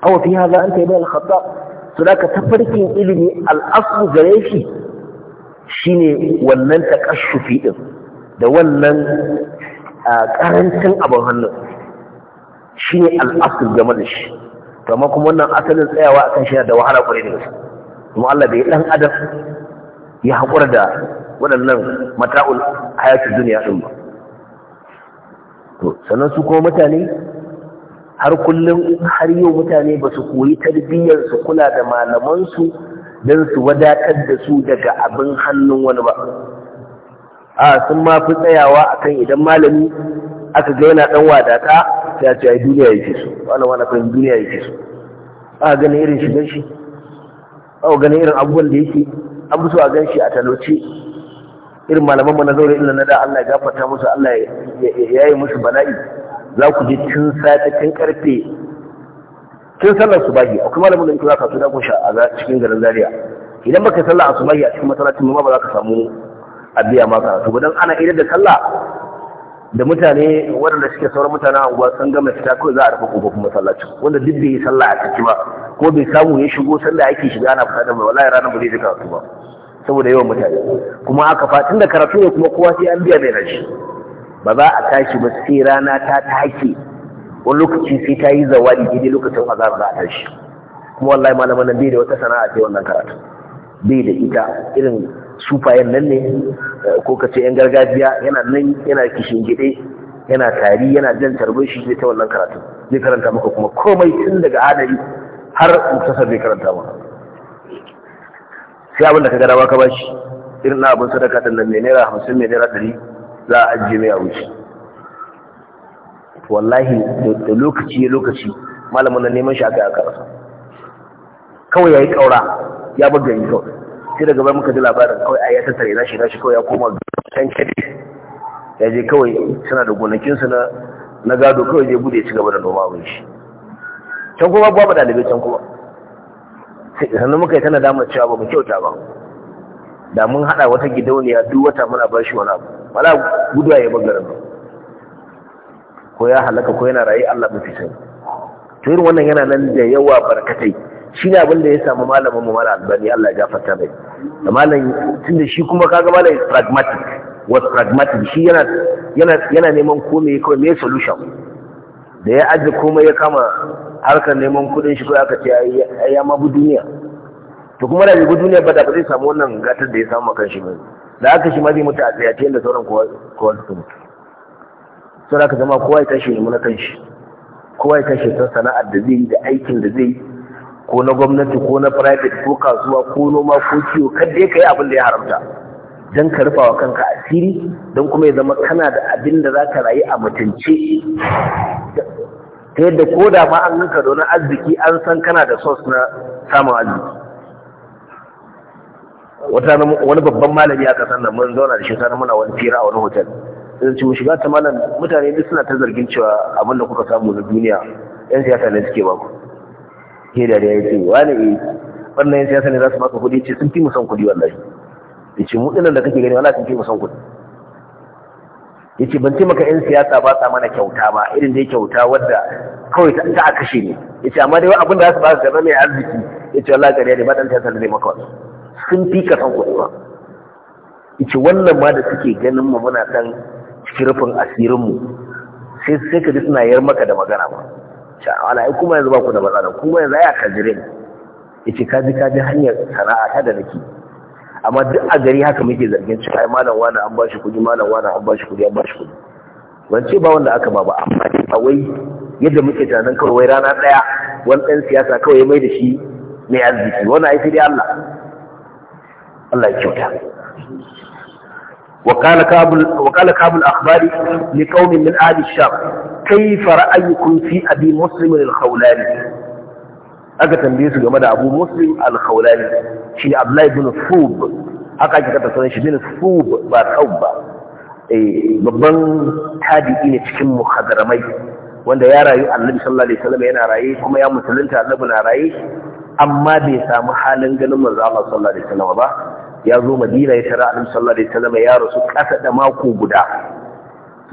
A awa fi haza an taibai al-khattab su da ka tafarkin ilimi al'asu gare shi Shi ne wannan takashufi din da wannan karancin abin hannun ne al'asu game da shi kuma kuma wannan asalin tsayawa akan shi da wahala kwarai da gaske kuma Allah bai dan adam ya haƙura da waɗannan mata'ul hayatun duniya ɗin ba to sannan su kuma mutane har kullum har yau mutane ba su koyi tarbiyyar su kula da malamansu don su wadatar da su daga abin hannun wani ba a sun ma fi tsayawa akan idan malami aka ga yana ɗan wadata ta ce ai duniya yake su. wannan wani kan duniya yake su. a ganin irin shigar shi a ganin irin abubuwan da yake an musu a gan shi a talauce irin malaman na zaure illa na da Allah ya gafarta musu Allah ya yi musu bala'i za ku je tun sati tun karfe tun sallar subahi akwai malamin da in za ka suna da kun sha a cikin garin Zaria idan baka su asubahi a cikin masallacin ma ba za ka samu abiya maka to ba dan ana idan da sallah da mutane waɗanda suke sauran mutane a unguwa sun gama fita kawai za a rufe kofofin masallacin wanda duk bai yi sallah a ciki ba ko bai samu ya shigo sallah ake shiga ana fita da mai wallahi ranar ba zai ji karatu ba saboda yawan mutane kuma aka fa tunda karatu ne kuma kowa sai an biya mai rashi ba za a tashi ba sai rana ta take wani lokaci sai ta yi zawadi daidai lokacin azhar za a tashi kuma wallahi malaman nan bai da wata sana'a sai wannan karatu bai da ita irin sufayen nan ne eh, ko ka ce 'yan gargajiya yana nan yana kishin gide yana tari yana jan tarbin shi zai ta wannan karatu zai karanta maka kuma komai tun daga adari har muktasar zai karanta maka sai abin da ka gada ka bashi irin na abin sadaka din nan mai naira hamsin mai naira ɗari za a ajiye mai a wuce wallahi da lokaci ya lokaci malamin nan neman shi aka yi a karasa kawai ya yi ƙaura ya buga yi kawai sai daga bayan muka ji labarin kawai a ya tattare na shi na shi kawai ya koma can kedi ya je kawai suna da gonakinsu na na gado kawai zai bude ci gaba da noma abin shi can kuma babu dalibai can kuma sannan muka yi tana damar cewa ba mu kyauta ba da mun haɗa wata gidauniya duk wata muna ba shi wani abu wala guduwa ya bangaren ba ko ya halaka ko yana rayu Allah mafi sani to irin wannan yana nan da yawa barkatai shi ne abin da ya samu malamin mu mara albani Allah ya gafarta mai da tun da shi kuma kaga malam pragmatic was pragmatic shi yana yana yana neman komai kawai me solution da ya aje komai ya kama harkar neman kudin shi kawai aka ce ya ma bu duniya to kuma da bi duniya ba da ba zai samu wannan gatar da ya samu kan shi ba da aka shi ma zai mutu a tsayace yadda sauran kowa kowa su mutu sai aka zama kowa ya tashi ne mu na kan shi kowa ya tashi ta sana'ar da zai yi da aikin da zai yi ko na gwamnati ko na private ko kasuwa ko noma ko kiwo kada ya kai abin da ya haramta don ka rufa wa kanka asiri don kuma ya zama kana da abin da za ka rayu a mutunci ta yadda ko da ma an ninka domin arziki an san kana da sos na samun arziki wani babban malami a kasar nan mun zauna da shi sanar muna wani fira a wani hotel sai ce mu shiga ta malam mutane duk suna ta zargin cewa abin da kuka samu na duniya yan siyasa ne suke ku hira da ya ce wani eh wannan yin siyasa ne za su maka kuɗi ce sun fi mu son kuɗi wallahi ya ce mu ɗinan da kake gani wallahi sun fi mu son kuɗi ya ce ban taimaka yan siyasa ba sa mana kyauta ba irin dai kyauta wadda kawai ta a kashe ne ya ce amma dai abin da za su ba su gaba mai arziki ya ce wallahi gari ne ba ɗan siyasa da zai maka wasu sun fi ka son kuɗi ba ya ce wannan ma da suke ganin mu muna san cikin rufin asirinmu sai sai ka ji suna yar maka da magana ba ce wala ai kuma yanzu ba ku da matsala kuma yanzu ya kajire ne yace kaji kaji hanyar sana'a ta da nake amma duk a gari haka muke zargin cewa ai malam wani an bashi kuɗi malam wani an bashi kuɗi an bashi kuɗi ban ce ba wanda aka ba ba amma a wai yadda muke tunanin kawai wai rana ɗaya wani ɗan siyasa kawai ya mai da shi mai arziki Wani ai sai dai Allah Allah ya kyauta وقال كابل وقال كابل الاخبار لقوم من اهل الشام كيف رأيكم في أبي مسلم الخولاني aka tambaye su game da abu muslim al-khawlani shi ne abdullahi bin sub aka ake kata sunan shi bin sub ba saub ba babban tabi'i ne cikin muhadaramai wanda ya rayu annabi sallallahu alaihi wasallam yana raye kuma ya musulunta annabi na raye amma bai samu halin ganin manzo Allah sallallahu alaihi wasallam ba ya zo madina ya tara annabi sallallahu alaihi wasallam ya rasu kasa da mako guda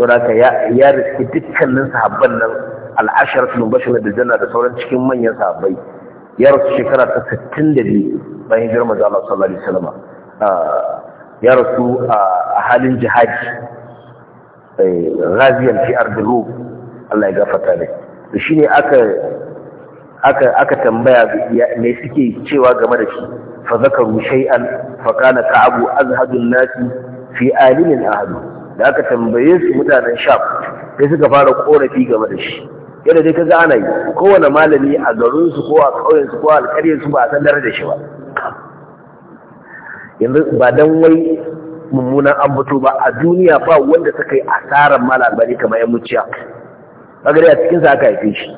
saboda ya riski dukkanin sahabban nan al'ashar sun bashi na da sauran cikin manyan sahabbai ya rasu shekara ta 62 bayan hijirar manzo Allah sallallahu alaihi wasallam ah, ya rasu a halin jihad raziyan eh, fi ardil rum Allah ya gafarta ne to shine aka aka aka tambaya me suke cewa game da shi fa zakaru shay'an fa kana ka'abu azhadun nasi fi alimin ahadu da aka tambaye su mutanen shaf sai suka fara korafi game da shi yadda dai za ana yi kowane malami a garin su ko a kauyen su ko a alƙaryar su ba a san da shi ba yanzu ba dan wai mummunan ambato ba a duniya ba wanda suka yi asarar mala bari kamar yan muciya bagare a cikin aka haife shi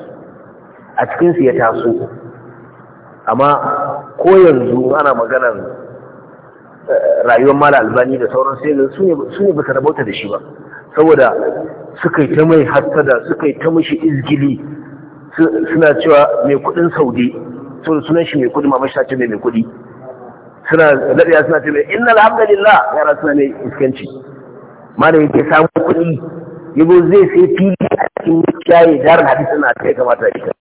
a cikin su ya taso amma ko yanzu ana maganar rayuwar mala albani da sauran sai su ne ba rabauta da shi ba saboda suka yi ta mai hasada suka yi ta mashi izgili suna cewa mai kudin saudi sun sunan shi mai kudi ma mashi ce mai kudi suna daɗiya suna ce mai inna alhamdulillah yara suna mai iskanci da yake samun kudi yabo zai sai fili a cikin kiyaye jarin hadisi na kai kamata a ya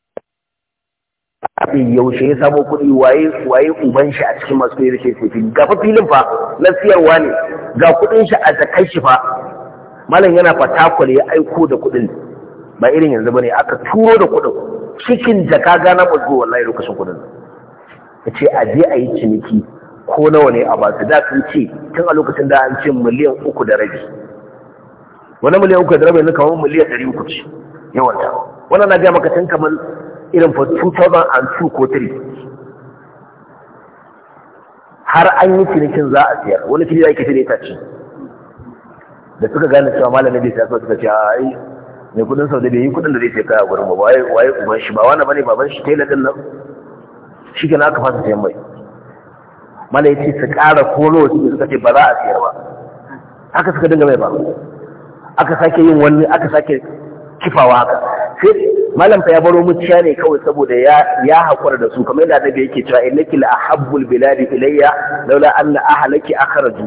yaushe ya samo kuɗi waye waye uban shi a cikin masu kuɗi yake sai ga fa filin fa na siyarwa ne ga kuɗin shi a zakai shi fa malam yana fatakul ya aiko da kuɗin ba irin yanzu bane aka turo da kuɗin cikin jaka gana ba zuwa wallahi lokacin kuɗin ya ce a je a yi ciniki ko nawa ne a basu da su ce tun a lokacin da an ce miliyan uku da rabi wani miliyan uku da rabi yanzu kamar miliyan ɗari uku ce yawanta wannan na gaya maka tun kamar irin for 2002 ko 3 har an yi cinikin za a siyar wani fili ake cire ta ce da suka gane cewa malamin bai siyasa suka ce a yi mai kudin sau da bai yi kudin da zai ce kaya gurin ba waye waye kuma shi ba wani bane baban shi tailor din nan shi na aka fasa sayan mai mala ya ce su ƙara kolo su suka ce ba za a siyar ba haka suka dinga mai ba aka sake yin wani aka sake kifawa haka sai malam fa ya baro muciya ne kawai saboda ya ya hakura da su kamar yadda annabi yake cewa innaki la ahabbul biladi ilayya laula anna ahlaki akhraju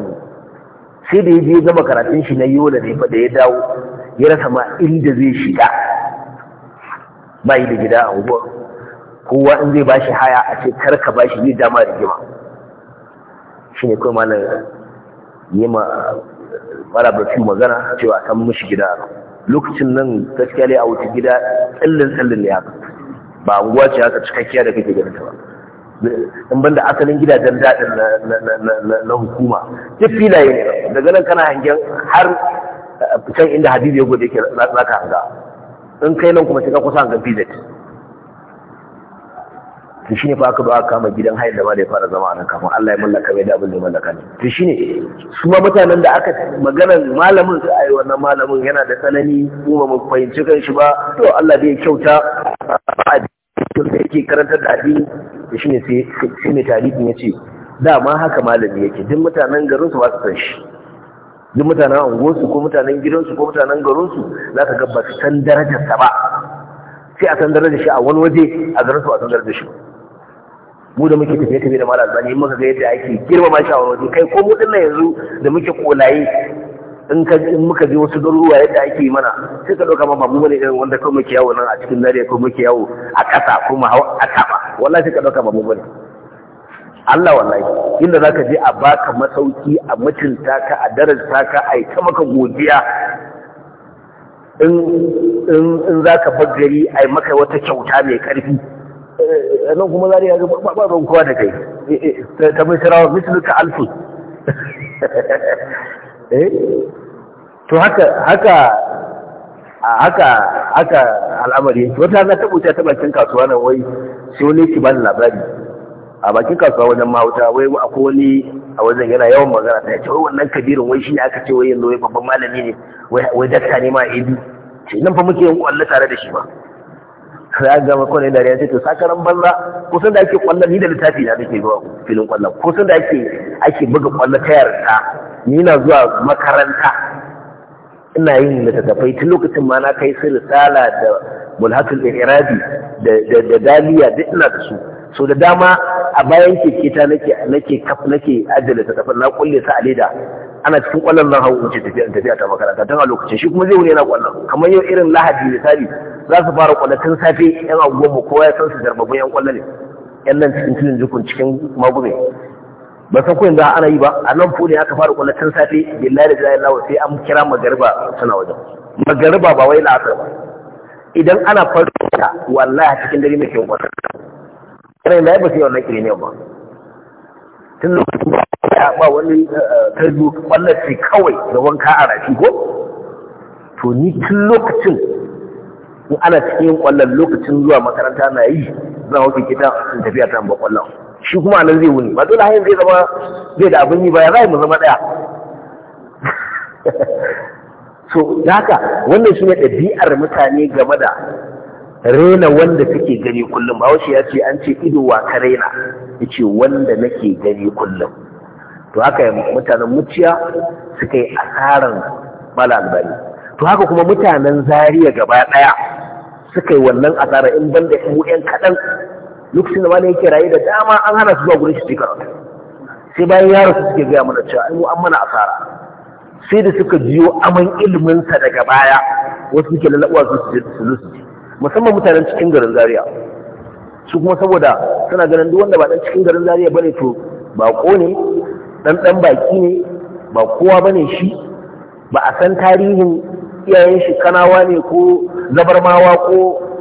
sai da yaje gama karatun shi na yola ne fa da ya dawo ya rasa ma inda zai shiga bai da gida a unguwar kowa in zai bashi haya a ce kar ka bashi zai dama rigima shine kawai malam yema mara fi magana cewa kan mishi gida a lokacin nan gaskiya ne a wuce gida tsallin tsallin ne haka ba anguwa ce haka cikakkiya da kake ganin ta ba in banda asalin gidajen daɗin na hukuma duk filaye ne daga nan kana hangen har eh, can inda habibu ya gode yake zaka hanga in kai nan kuma shiga kusa hangen pz to shine fa aka ba kama gidan hayar da ma da ya fara zama nan kafin Allah ya mallaka mai da abin da mallaka ne to shine su ma mutanen da aka magana malamin su ayi wannan malamin yana da tsanani ko ba mu fahimci kan shi ba to Allah bai kyauta a da yake karantar da addini da shine sai sai mai tarihin ya ce dama haka malami yake duk mutanen garin su ba su san shi duk mutanen unguwarsu ko mutanen gidansu ko mutanen garinsu za ka ga ba su san darajarsa ba sai a san darajar shi a wani waje a garinsu a san darajar shi ba mu da muke tafiye tafiye da mara albani muka ga yadda ake girmama shawarwari kai ko mu dinnan yanzu da muke kolaye in ka in muka je wasu garuruwa yadda ake yi mana sai ka dauka ma mu bane irin wanda kai muke yawo nan a cikin dare ko muke yawo a ƙasa ko mu hawa a kafa wallahi sai ka dauka ba mu bane Allah wallahi inda zaka je a baka masauki a mutunta ka a darasta ka a ta maka godiya in in zaka bar gari a maka wata kyauta mai karfi Eh, nan kuma zariya ga ba ruwan kowa da kai eh, eh, ta misirawa Ka alfi to haka haka haka haka al'amari wata na ta ta bakin kasuwa nan wai so ne ki bani labari a bakin kasuwa wajen mahauta wai akwai wani a wajen yana yawan magana ta ce wai wannan kabirin wai shi ne aka ce wai yanzu wai babban malami ne wai dakta ne ma a ce nan fa muke yin kwallo tare da shi ba ya gama kwanan da ya ce sakarar sakaran banza kusan da ake kwallon ni da littafi na nake zuwa filin kwallon kusan da ake ake buga kwallon ta ni na zuwa makaranta ina yin littattafai tun lokacin ma na kai sai risala da mulhatul irabi da da daliya duk ina da su so da dama a bayan keke ta nake nake kaf nake na kulle su a leda ana cikin kwallon nan hawo wuce tafiya ta makaranta tun a lokacin shi kuma zai wuni yana kwallon kamar yau irin lahadi misali za su fara kwallo tun safe yan aguwan kowa ya san su zarbabu yan kwallo ne yan nan cikin cikin jukun cikin magume ba san ko yanzu ana yi ba a nan fune aka fara kwallo tun safe billahi da ilaha sai an kira magariba suna wajen magariba ba wai la'asar ba idan ana farka wallahi cikin dare mai kyau ba kana da ba sai wannan kirene ba tun lokacin ba ba wani tarbi eh, kwallo ce kawai da wanka a rafi ko to ni tun lokacin in ana cikin kwallon lokacin zuwa makaranta na yi zan hau kita in tafiya ta ba kwallon shi kuma nan zai wuni ba dole hanyar zai zama zai da abin yi ba ya zai mu zama daya [laughs] so da haka wannan shi ne ɗabi'ar mutane game da rena wanda kake gani kullum ba ya ce an ce ido wa ka rena ya ce wanda nake gani kullum to haka mutanen muciya suka yi asarar mala albari. to haka kuma mutanen zariya gaba ɗaya suka yi wannan asara in ban da mu yan kaɗan lokacin da malam yake raye da dama an hana su zuwa gurin shi karatu sai bayan yaro su suke gaya mana cewa mu an mana asara sai da suka jiyo aman iliminsa daga baya wasu suke lalabuwa su su musamman mutanen cikin garin zaria su kuma saboda suna ganin duk wanda ba dan cikin garin Zariya bane to ko ne dan dan baki ne ba kowa bane shi ba a san tarihin iyayen shi kanawa ne ko zabarmawa ko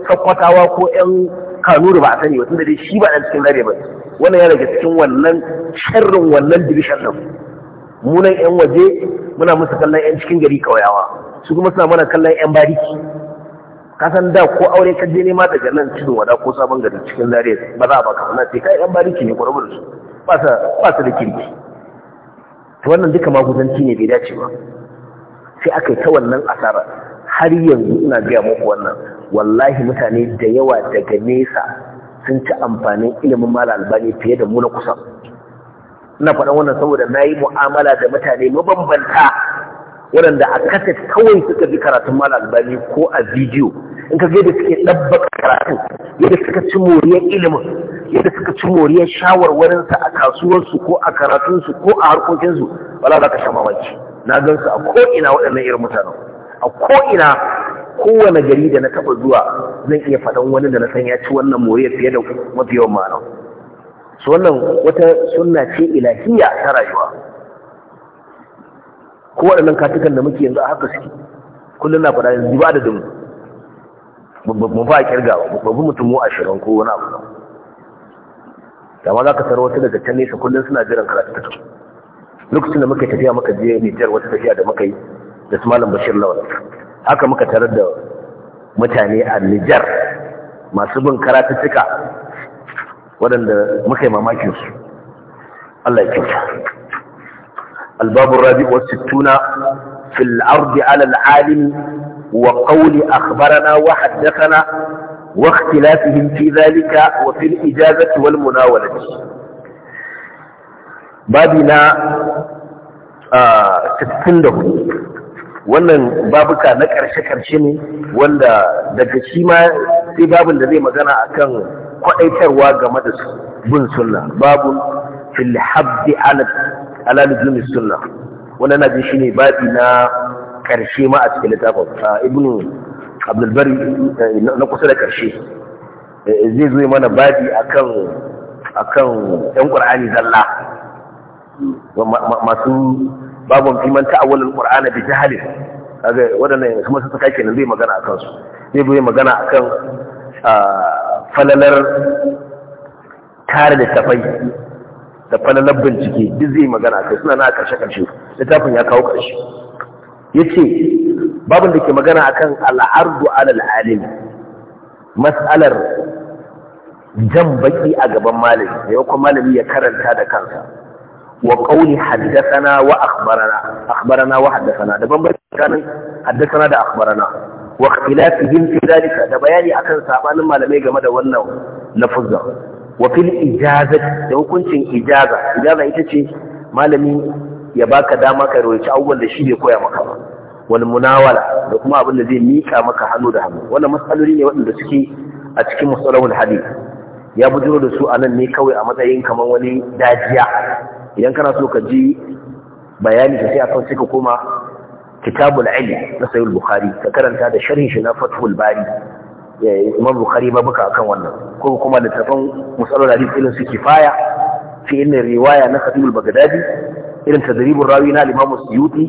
sakwatawa ko yan kanu ba a sani ba tunda dai shi ba a cikin zare ba wannan ya daga cikin wannan sharrin wannan division ɗin munan yan waje muna musu kallon yan cikin gari kauyawa su kuma suna mana kallon yan bariki ka san da ko aure ka je nema daga nan cikin wada ko sabon gari cikin zare ba za a baka na ce kai yan bariki ne kwarabar su ba su da kirki wannan duka magudanci ne bai dace ba sai aka yi ta wannan asara har yanzu ina gaya muku wannan wallahi mutane da yawa daga nesa sun ci amfanin ilimin mala albani fiye da mu na kusa ina faɗan wannan saboda na yi mu'amala da mutane mabambanta waɗanda a kaset kawai suka bi karatun mala albani ko a bidiyo in ka yadda suke ɗabba karatun yadda suka ci moriyar ilimin yadda suka ci moriyar shawarwarinsa a kasuwarsu ko a karatunsu ko a harkokinsu wala za ka sha mamaki na gan su a ko'ina waɗannan irin mutanen a ko'ina kowane gari da na taɓa zuwa zan iya faɗan wani da na san ya ci wannan moriyar fiye da mafi yawan ma'ana su wannan wata suna ce ilahiyya ta rayuwa ko waɗannan katukan da muke yanzu a haka suke kullum na faɗa yanzu ba da dumu mu ba kirga ba babu mutum mu ashirin ko wani abu da ma za ka tarwata daga can nesa kullum suna jiran karatu ta lokacin da muka tafiya muka je Nijar wata tafiya da muka yi da malam Bashir Lawal haka muka tarar da mutane a Niger masu bin karatuttuka waɗanda muka yi mamakin su Allah ya kyauta albabun rabi wa sittuna fil ardi ala al'alim wa qawli akhbarana wa haddathana واختلافهم في ذلك وفي الإجازة والمناولة babi na 64 wannan babuka na ƙarshe-ƙarshe ne wanda daga shi ma sai babin da zai magana a kan kwaɗaitarwa game da bin sunna babu fil habdi ala lujumi sunna wannan na shi ne babi na ƙarshe ma a cikin littafin Ibn abdulbari eh, na kusa da ƙarshe eh, zai zo mana babi a kan 'yan ƙur'ani zalla masu babun a wannan alqur'ana bi jahalin kaga wadannan kuma su saka kenan zai magana akan su zai bai magana akan falalar tare da tafai da falalar bincike duk zai magana akai suna na karshe karshe littafin ya kawo karshe yace babun da ke magana akan al'ardu alal alim mas'alar jan baki a gaban malami da kuma malami ya karanta da kansa wa qawli haddathana wa akhbarana da bambanci tsakanin haddathana da akhbarana wa ikhtilafihim fi da bayani akan sabanin malamai game da wannan lafuzza wa fil ijazati da hukuncin ijaza ijaza ita ce malami ya baka dama ka rawaci abubuwan da shi bai koya maka wal munawala da kuma abin da zai mika maka hannu da hannu wannan matsaloli ne waɗanda suke a cikin musalahul hadith ya bujiro da su anan ne kawai a matsayin kamar wani dajiya idan kana so ka ji bayani sai akan sai ka koma kitabul ilm na sahih bukhari ka karanta da sharhin shi na fathul bari eh, imam bukhari ba buka akan wannan ko kuma littafin musalul hadith irin su kifaya fi ilmi riwaya na khatibul bagdadi irin tadribul rawi na imam suyuti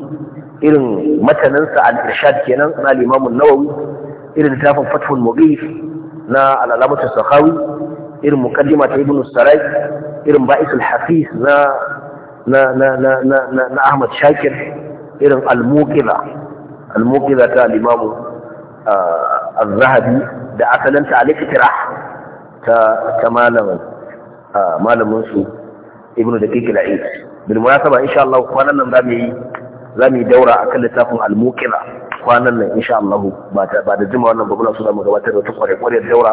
irin matanansa al-irshad kenan na imam an-nawawi irin littafin fathul mughith na al-alamatu sakhawi irin muqaddima ta ibn sarai irin ba'isul hafiz na na na na na na na Ahmad Shakir irin al-Muqila al-Muqila ta al-Imam ah, zahabi da asalanta al-Iqtirah ta ta malamin ah, malamin su Ibn Daqiq al-Aid bil munasaba insha Allah kwanan nan zamu yi zamu daura akan littafin al-Muqila kwanan nan insha Allah ba ba da jima wannan babu su zamu gabatar da ta kware kware daura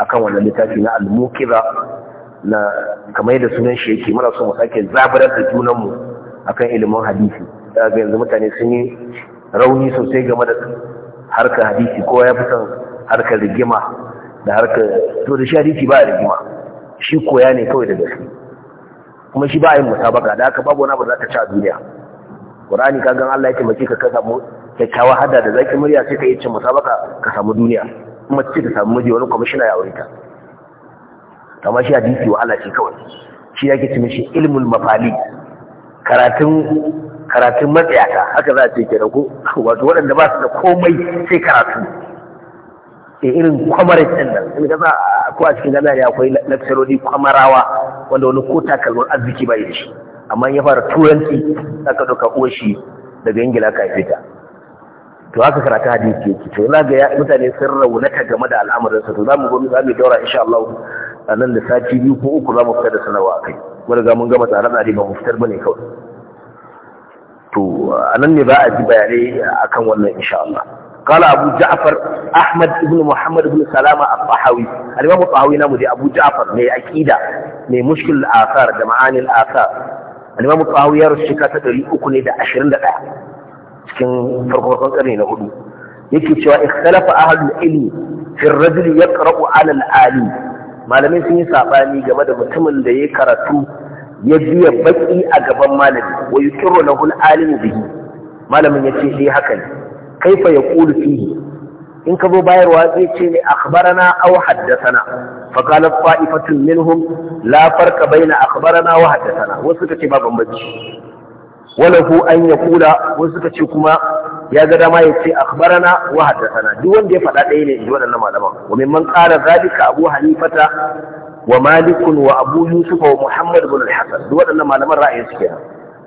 akan wannan littafi na al-Muqila na kamar yadda sunan shi yake mara so mu sake zaburar da junanmu akan ilimin hadisi da ga yanzu mutane sun yi rauni sosai game da harkar hadisi kowa ya fi son harkar rigima da harkar to da shi hadisi ba rigima shi koya ne kawai da gaske kuma shi ba a yin musabaka da haka babu wani abu za ka ci a duniya Qur'ani ka gan Allah ya taimake ka ka samu kyakkyawa hada da zaki murya sai ka yi cin musabaka ka samu duniya kuma ce ka samu miji wani kwamishina ya aure ta amma shi hadisi wa Allah ce kawai shi yake ce mishi ilmul mafali karatun karatun matsayata haka za a ce kenan ko wato waɗanda ba su da komai sai karatu da eh, irin kwamarin din nan in ko a cikin gana ne akwai lakcarori kwamarawa wanda wani ko takalmar arziki ba shi amma ya fara turanci aka ɗauka ƙoshi daga ingila ka fita to haka karatu hadisi yake to na ga mutane sun raunata game da al'amarinsa to za mu gomi daura insha Allah a nan da sati biyu ko uku za mu fitar da sanarwa kai mun ga mun gama tsare tsare ba mu fitar ne kawai to a nan ne za a ji bayanai akan wannan insha Allah قال أبو جعفر أحمد بن محمد بن سلامة الطحاوي الإمام الطحاوي نمو أبو جعفر من أكيدة من مشكل الآثار جمعان الآثار الإمام الطحاوي يرى الشكاة تدري أكني دا عشرين دا cikin farko karni na hudu yake cewa ikhtalafa ahlul ilmi fi ar-rajul yaqra'u 'ala ali malamai sun yi saɓani game da mutumin da ya karatu ya biya baƙi a gaban malami wa yukiru lahu alimu bihi malamin ya ce sai eh, haka ne kaifa yaqulu fihi in ka zo bayarwa zai ce ne akhbarana aw haddathana fa qalat fa'ifatun minhum la farqa baina akhbarana wa haddathana wasu suka ce ba bambanci walahu an yaqula wasu suka ce kuma ya ga dama ya ce akhbarana wa haddathana duk wanda ya faɗa ɗaya ne in waɗannan malaman wa mimman qala zalika abu hanifata wa malik wa abu yusuf wa muhammad ibn al-hasan duk waɗannan malaman ra'ayin su kenan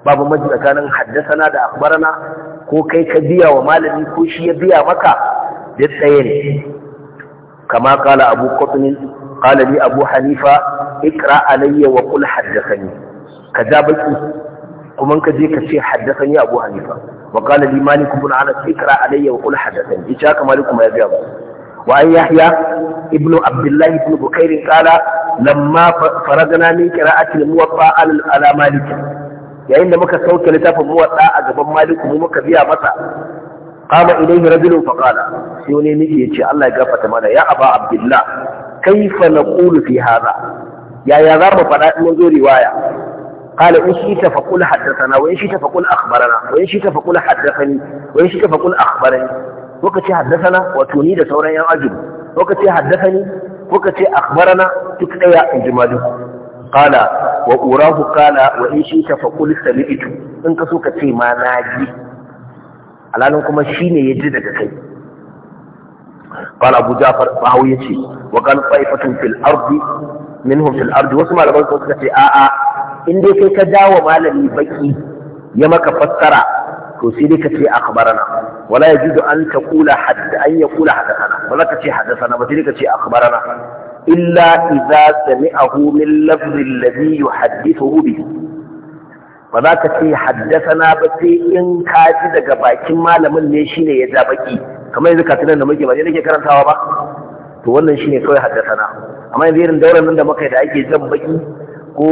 babu maji tsakanin haddasana da akhbarana ko kai ka biya wa malami ko shi ya biya maka duk ɗaya ne kama qala abu qutni qala li abu hanifa ikra alayya wa qul haddathani ka ja baki kuma ka je ka ce haddasani abu hanifa wa qala li malik ibn anas ikra alayya wa qul hadathan ita haka malik kuma ya ga mu wa an yahya ibn abdullah ibn bukair qala lamma faragna min qira'ati al-muwatta ala malik yayin da muka sauke littafin muwatta a gaban malik mu muka biya masa قام إليه رجل فقال سيوني نجي يتشي الله يقفت مانا يا أبا عبد الله كيف نقول في هذا يا يا ذرب فنات منذ رواية قال إن شئت فقل حدثنا وإن شئت فقل أخبرنا وإن شئت فقل حدثني وإن شئت فقل أخبرني وكتي حدثنا وتوني دا سورا يا أجل وكتي حدثني وكتي أخبرنا تكتيا إجماله قال وأراه قال وإن شئت فقل سمعت إن كسوك تي ما ناجي على أنكم الشين يجد كي قال أبو جعفر فهو يتي وقال طائفة في الأرض منهم في الأرض وسمع لبنك وسكتي آآ آآ in dai kai ka dawo malami baki ya maka fassara to sai dai ka ce akhbarana wala yajuzu an taqula hadd an yaqula hadathana wala ka ce hadathana ba sai dai ka ce akhbarana illa idza sami'ahu min lafzi alladhi yuhaddithuhu bihi ba za ka ce haddasana ba sai in ka ji daga bakin malamin ne shine ya ja baki kamar yanzu katinan da muke ba ne nake karantawa ba to wannan shine kawai haddasana amma yanzu irin dauran nan da muka yi da ake jan baki ko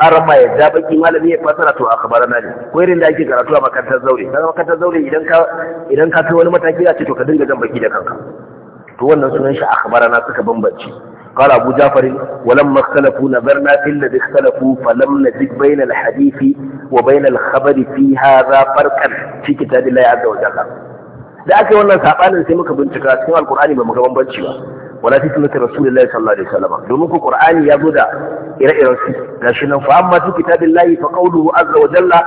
arma ya ja baki malami ya fasara to akhbarana ne ko irin da ake karatu a makarantar zaure kaga makarantar zaure idan ka idan ka kai wani mataki za ce to ka dinga jan baki da kanka to wannan sunan shi na suka bambance قال أبو جعفر ولما اختلفوا نظرنا في الذي اختلفوا فلم نجد بين الحديث وبين الخبر في هذا فرقا في كتاب الله عز وجل da aka yi wannan saɓanin sai muka bincika cikin alkur'ani ba muka bambanci ba wala fi sunnati rasulillahi sallallahu alaihi wasallam domin ku qur'ani ya zo da ire-iren su shi nan fa amma fi layi fa qawluhu azza wa jalla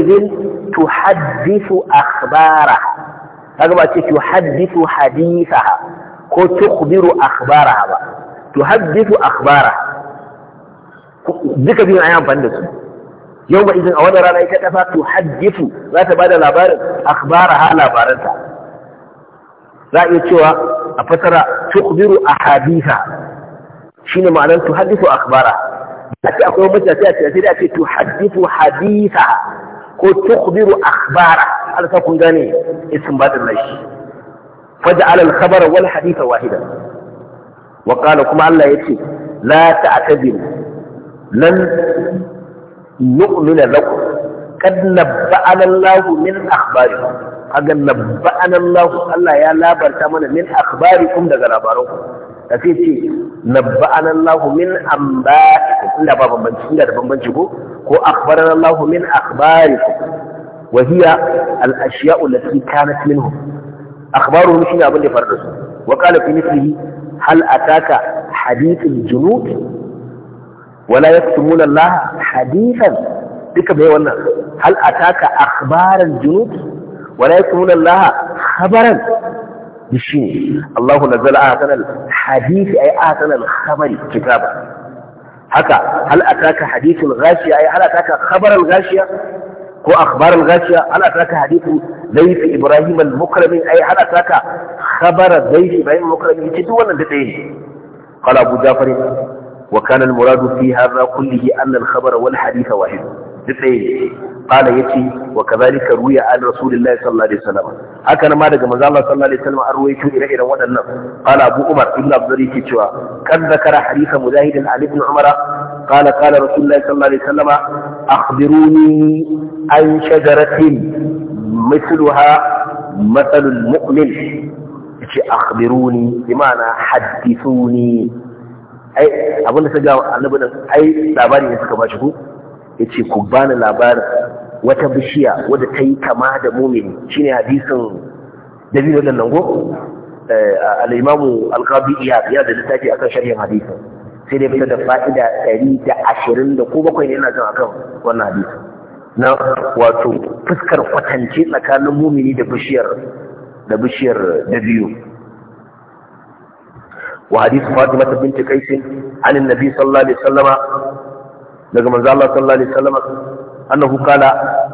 izin tu haddisu akhbaraha Ta ba ce tuhaddithu hadithaha ko tukhbiru akhbaraha ba tu haddisu akhbaraha duka biyun a amfani da su yau ma izin a wani rana ita kafa tuhaddithu za ta bada labarin ha labaranta za a iya cewa a fasara a ahaditha شين معنى تحدث أخبارها لكي أقول مجلسية تأثير أكي تحدث حديثها كو تخبر أخبارها هذا تقول داني اسم بعد الله فجعل الخبر والحديث واحدا وقال كما الله يتي لا تعتذر لن نؤمن لكم قد نبأنا الله من أخباركم قد نبأنا الله الله يا لابر تمنى من أخباركم لغلابركم da sai ce nabba'ana Allah min amba inda ba bambanci inda da bambanci ko ko akhbarana Allah min akhbarikum wa hiya al ashiya'u allati kanat minhum akhbaruhum shine faru da su wa qala fi mithlihi hal ataka hadith al junud wala yaktumuna Allah hadithan duka bai wannan hal ataka akhbaran junud wala yaktumuna Allah khabaran shine Allahu nazzala ahsan al-hadith ay ahsan al-khabari kitaba haka hal ataka hadith al-ghashiya ay hal ataka khabar al-ghashiya ko akhbar al-ghashiya hal ataka hadith layf ibrahim al-mukram ay hal ataka khabar layf ibrahim al-mukram yace duk wannan da tsaye ne qala abu jafar wa kana al-murad fi hadha kullihi anna al-khabara wal hadith wahid duk ɗaya yace wa kazalika ruya an rasulillahi sallallahu alaihi wasallam haka nan ma daga manzo Allah sallallahu alaihi wasallam an ruwaito ire-iren waɗannan qala abu umar ibn abdur yake cewa kan zakara hadith mujahid an ibn umar qala qala rasulullahi sallallahu alaihi wasallam akhbiruni an shajaratin mithluha mathalul mu'min yace akhbiruni bima'ana hadithuni ai abin da suka ga annabi ai labari ne suka bashi ku ya ce ku bani labarin wata bishiya wadda ta yi kama da mumini shi ne hadisin dalilin da nango al'imamu alkabi iya ya da littafi akan sharhin hadisin sai dai fita da fa'ida ɗari da ashirin da ko bakwai ne yana jan akan wannan hadisin na wato fuskar kwatance tsakanin mumini da bishiyar da bishiyar da biyu hadisi فاطمة بنت قيس عن النبي صلى daga manzo Allah sallallahu alaihi wasallam annahu qala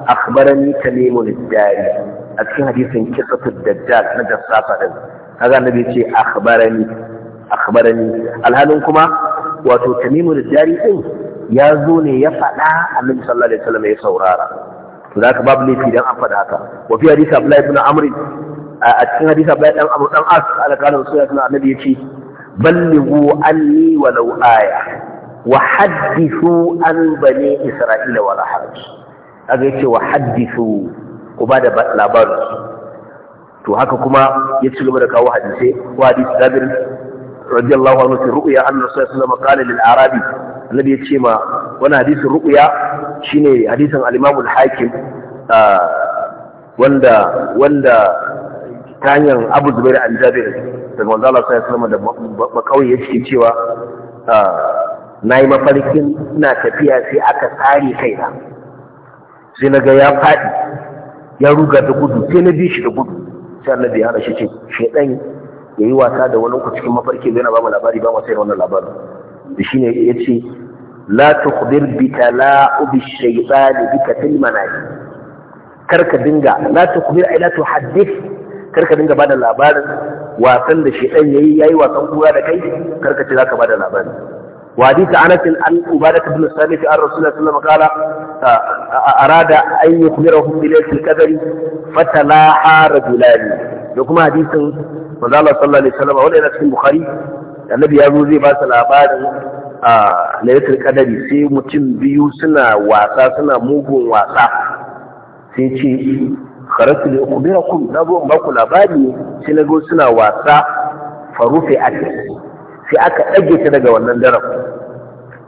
akhbarani kalimul dari a cikin hadisin kisatul dajjal na jassafa din kaga annabi ce akhbarani akhbarani alhalin kuma wato kalimul dari din ya zo ne ya faɗa annabi sallallahu alaihi wasallam ya saurara to da babu laifi dan an faɗa haka wa fi hadisi Abdullahi ibn Amr a cikin hadisi Abdullahi dan Amr dan As alƙalin sallallahu alaihi wasallam annabi ya ce ballighu anni walau aya wa haddisu an bane isra'ila wala haraj kaga yace wa haddisu ku ba da labarin to haka kuma ya ci gaba da kawo hadisai wa hadis jabir radiyallahu anhu fi ru'ya anna rasul sallallahu alaihi wasallam qala lil arabi annabi ya ce ma wani hadisin ru'ya shine hadisin al hakim wanda wanda ta hanyar Abu Zubair al-Jabir da manzo Allah da cewa na yi mafarkin ina tafiya sai aka tsare kaina sai na ga ya faɗi ya ruga da gudu sai na bi shi da gudu sai annabi ya hana shi ce shaidan ya yi wasa da wani cikin mafarki yana ba mu labari ba mu sai wannan labarin da shine ya ce la tukhbir bi tala'u bi shaytan bi katil manani karka dinga la tukhbir ay la tuhaddith karka dinga bada labarin wasan da shaidan yayi yayi wasan kura da kai karka ce zaka bada labarin وحديث أنس عن عبادة بن الثابت عن رسول الله صلى الله عليه وسلم قال أراد أن يخبرهم بليلة القدر فتلاحى رجلان لكم حديث من الله صلى الله عليه وسلم أولي نفس البخاري النبي يروزي باس الأباد ليلة القدر سي متم بيو سنة واسا سنة موغو واسا sai ce kharatu li ukhbirakum na zo in baku labari sai na go suna wasa farufi akis sai aka ɗage ta daga wannan daren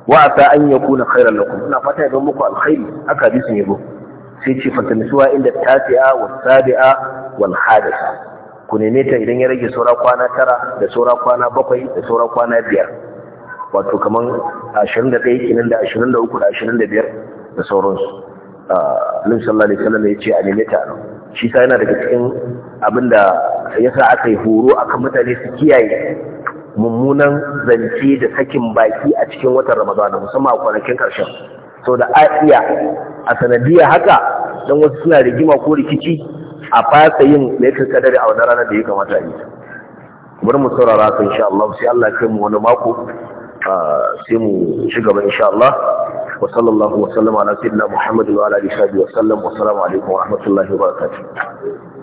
wa asa an ya kuna khairar lakum ina fata ya zama muku alkhairi aka ne yabo sai ce fatamisuwa inda ta fiya wa sabi'a wal hadisa ku ne ta idan ya rage saura kwana tara da saura kwana bakwai da saura kwana biyar wato kamar ashirin da ɗaya kenan da ashirin da uku, da ashirin da biyar sauransu ah, Nabi sallallahu alaihi wasallam ya ce a neme ta shi sa yana daga cikin abinda sa aka yi horo akan mutane su kiyaye mummunan zance da sakin baki a cikin watan ramadana musamman a kwanakin ƙarshen so da a iya a sanadiyya haka don wasu suna rigima ko rikici a fasa yin laifin kadari a wani ranar da ya kamata yi bari mu saurara ka insha Allah sai Allah kai mu wani mako sai mu ci gaba insha Allah wa sallallahu wa sallama ala sayyidina Muhammad wa ala alihi wa sallam wa assalamu alaikum wa rahmatullahi wa barakatuh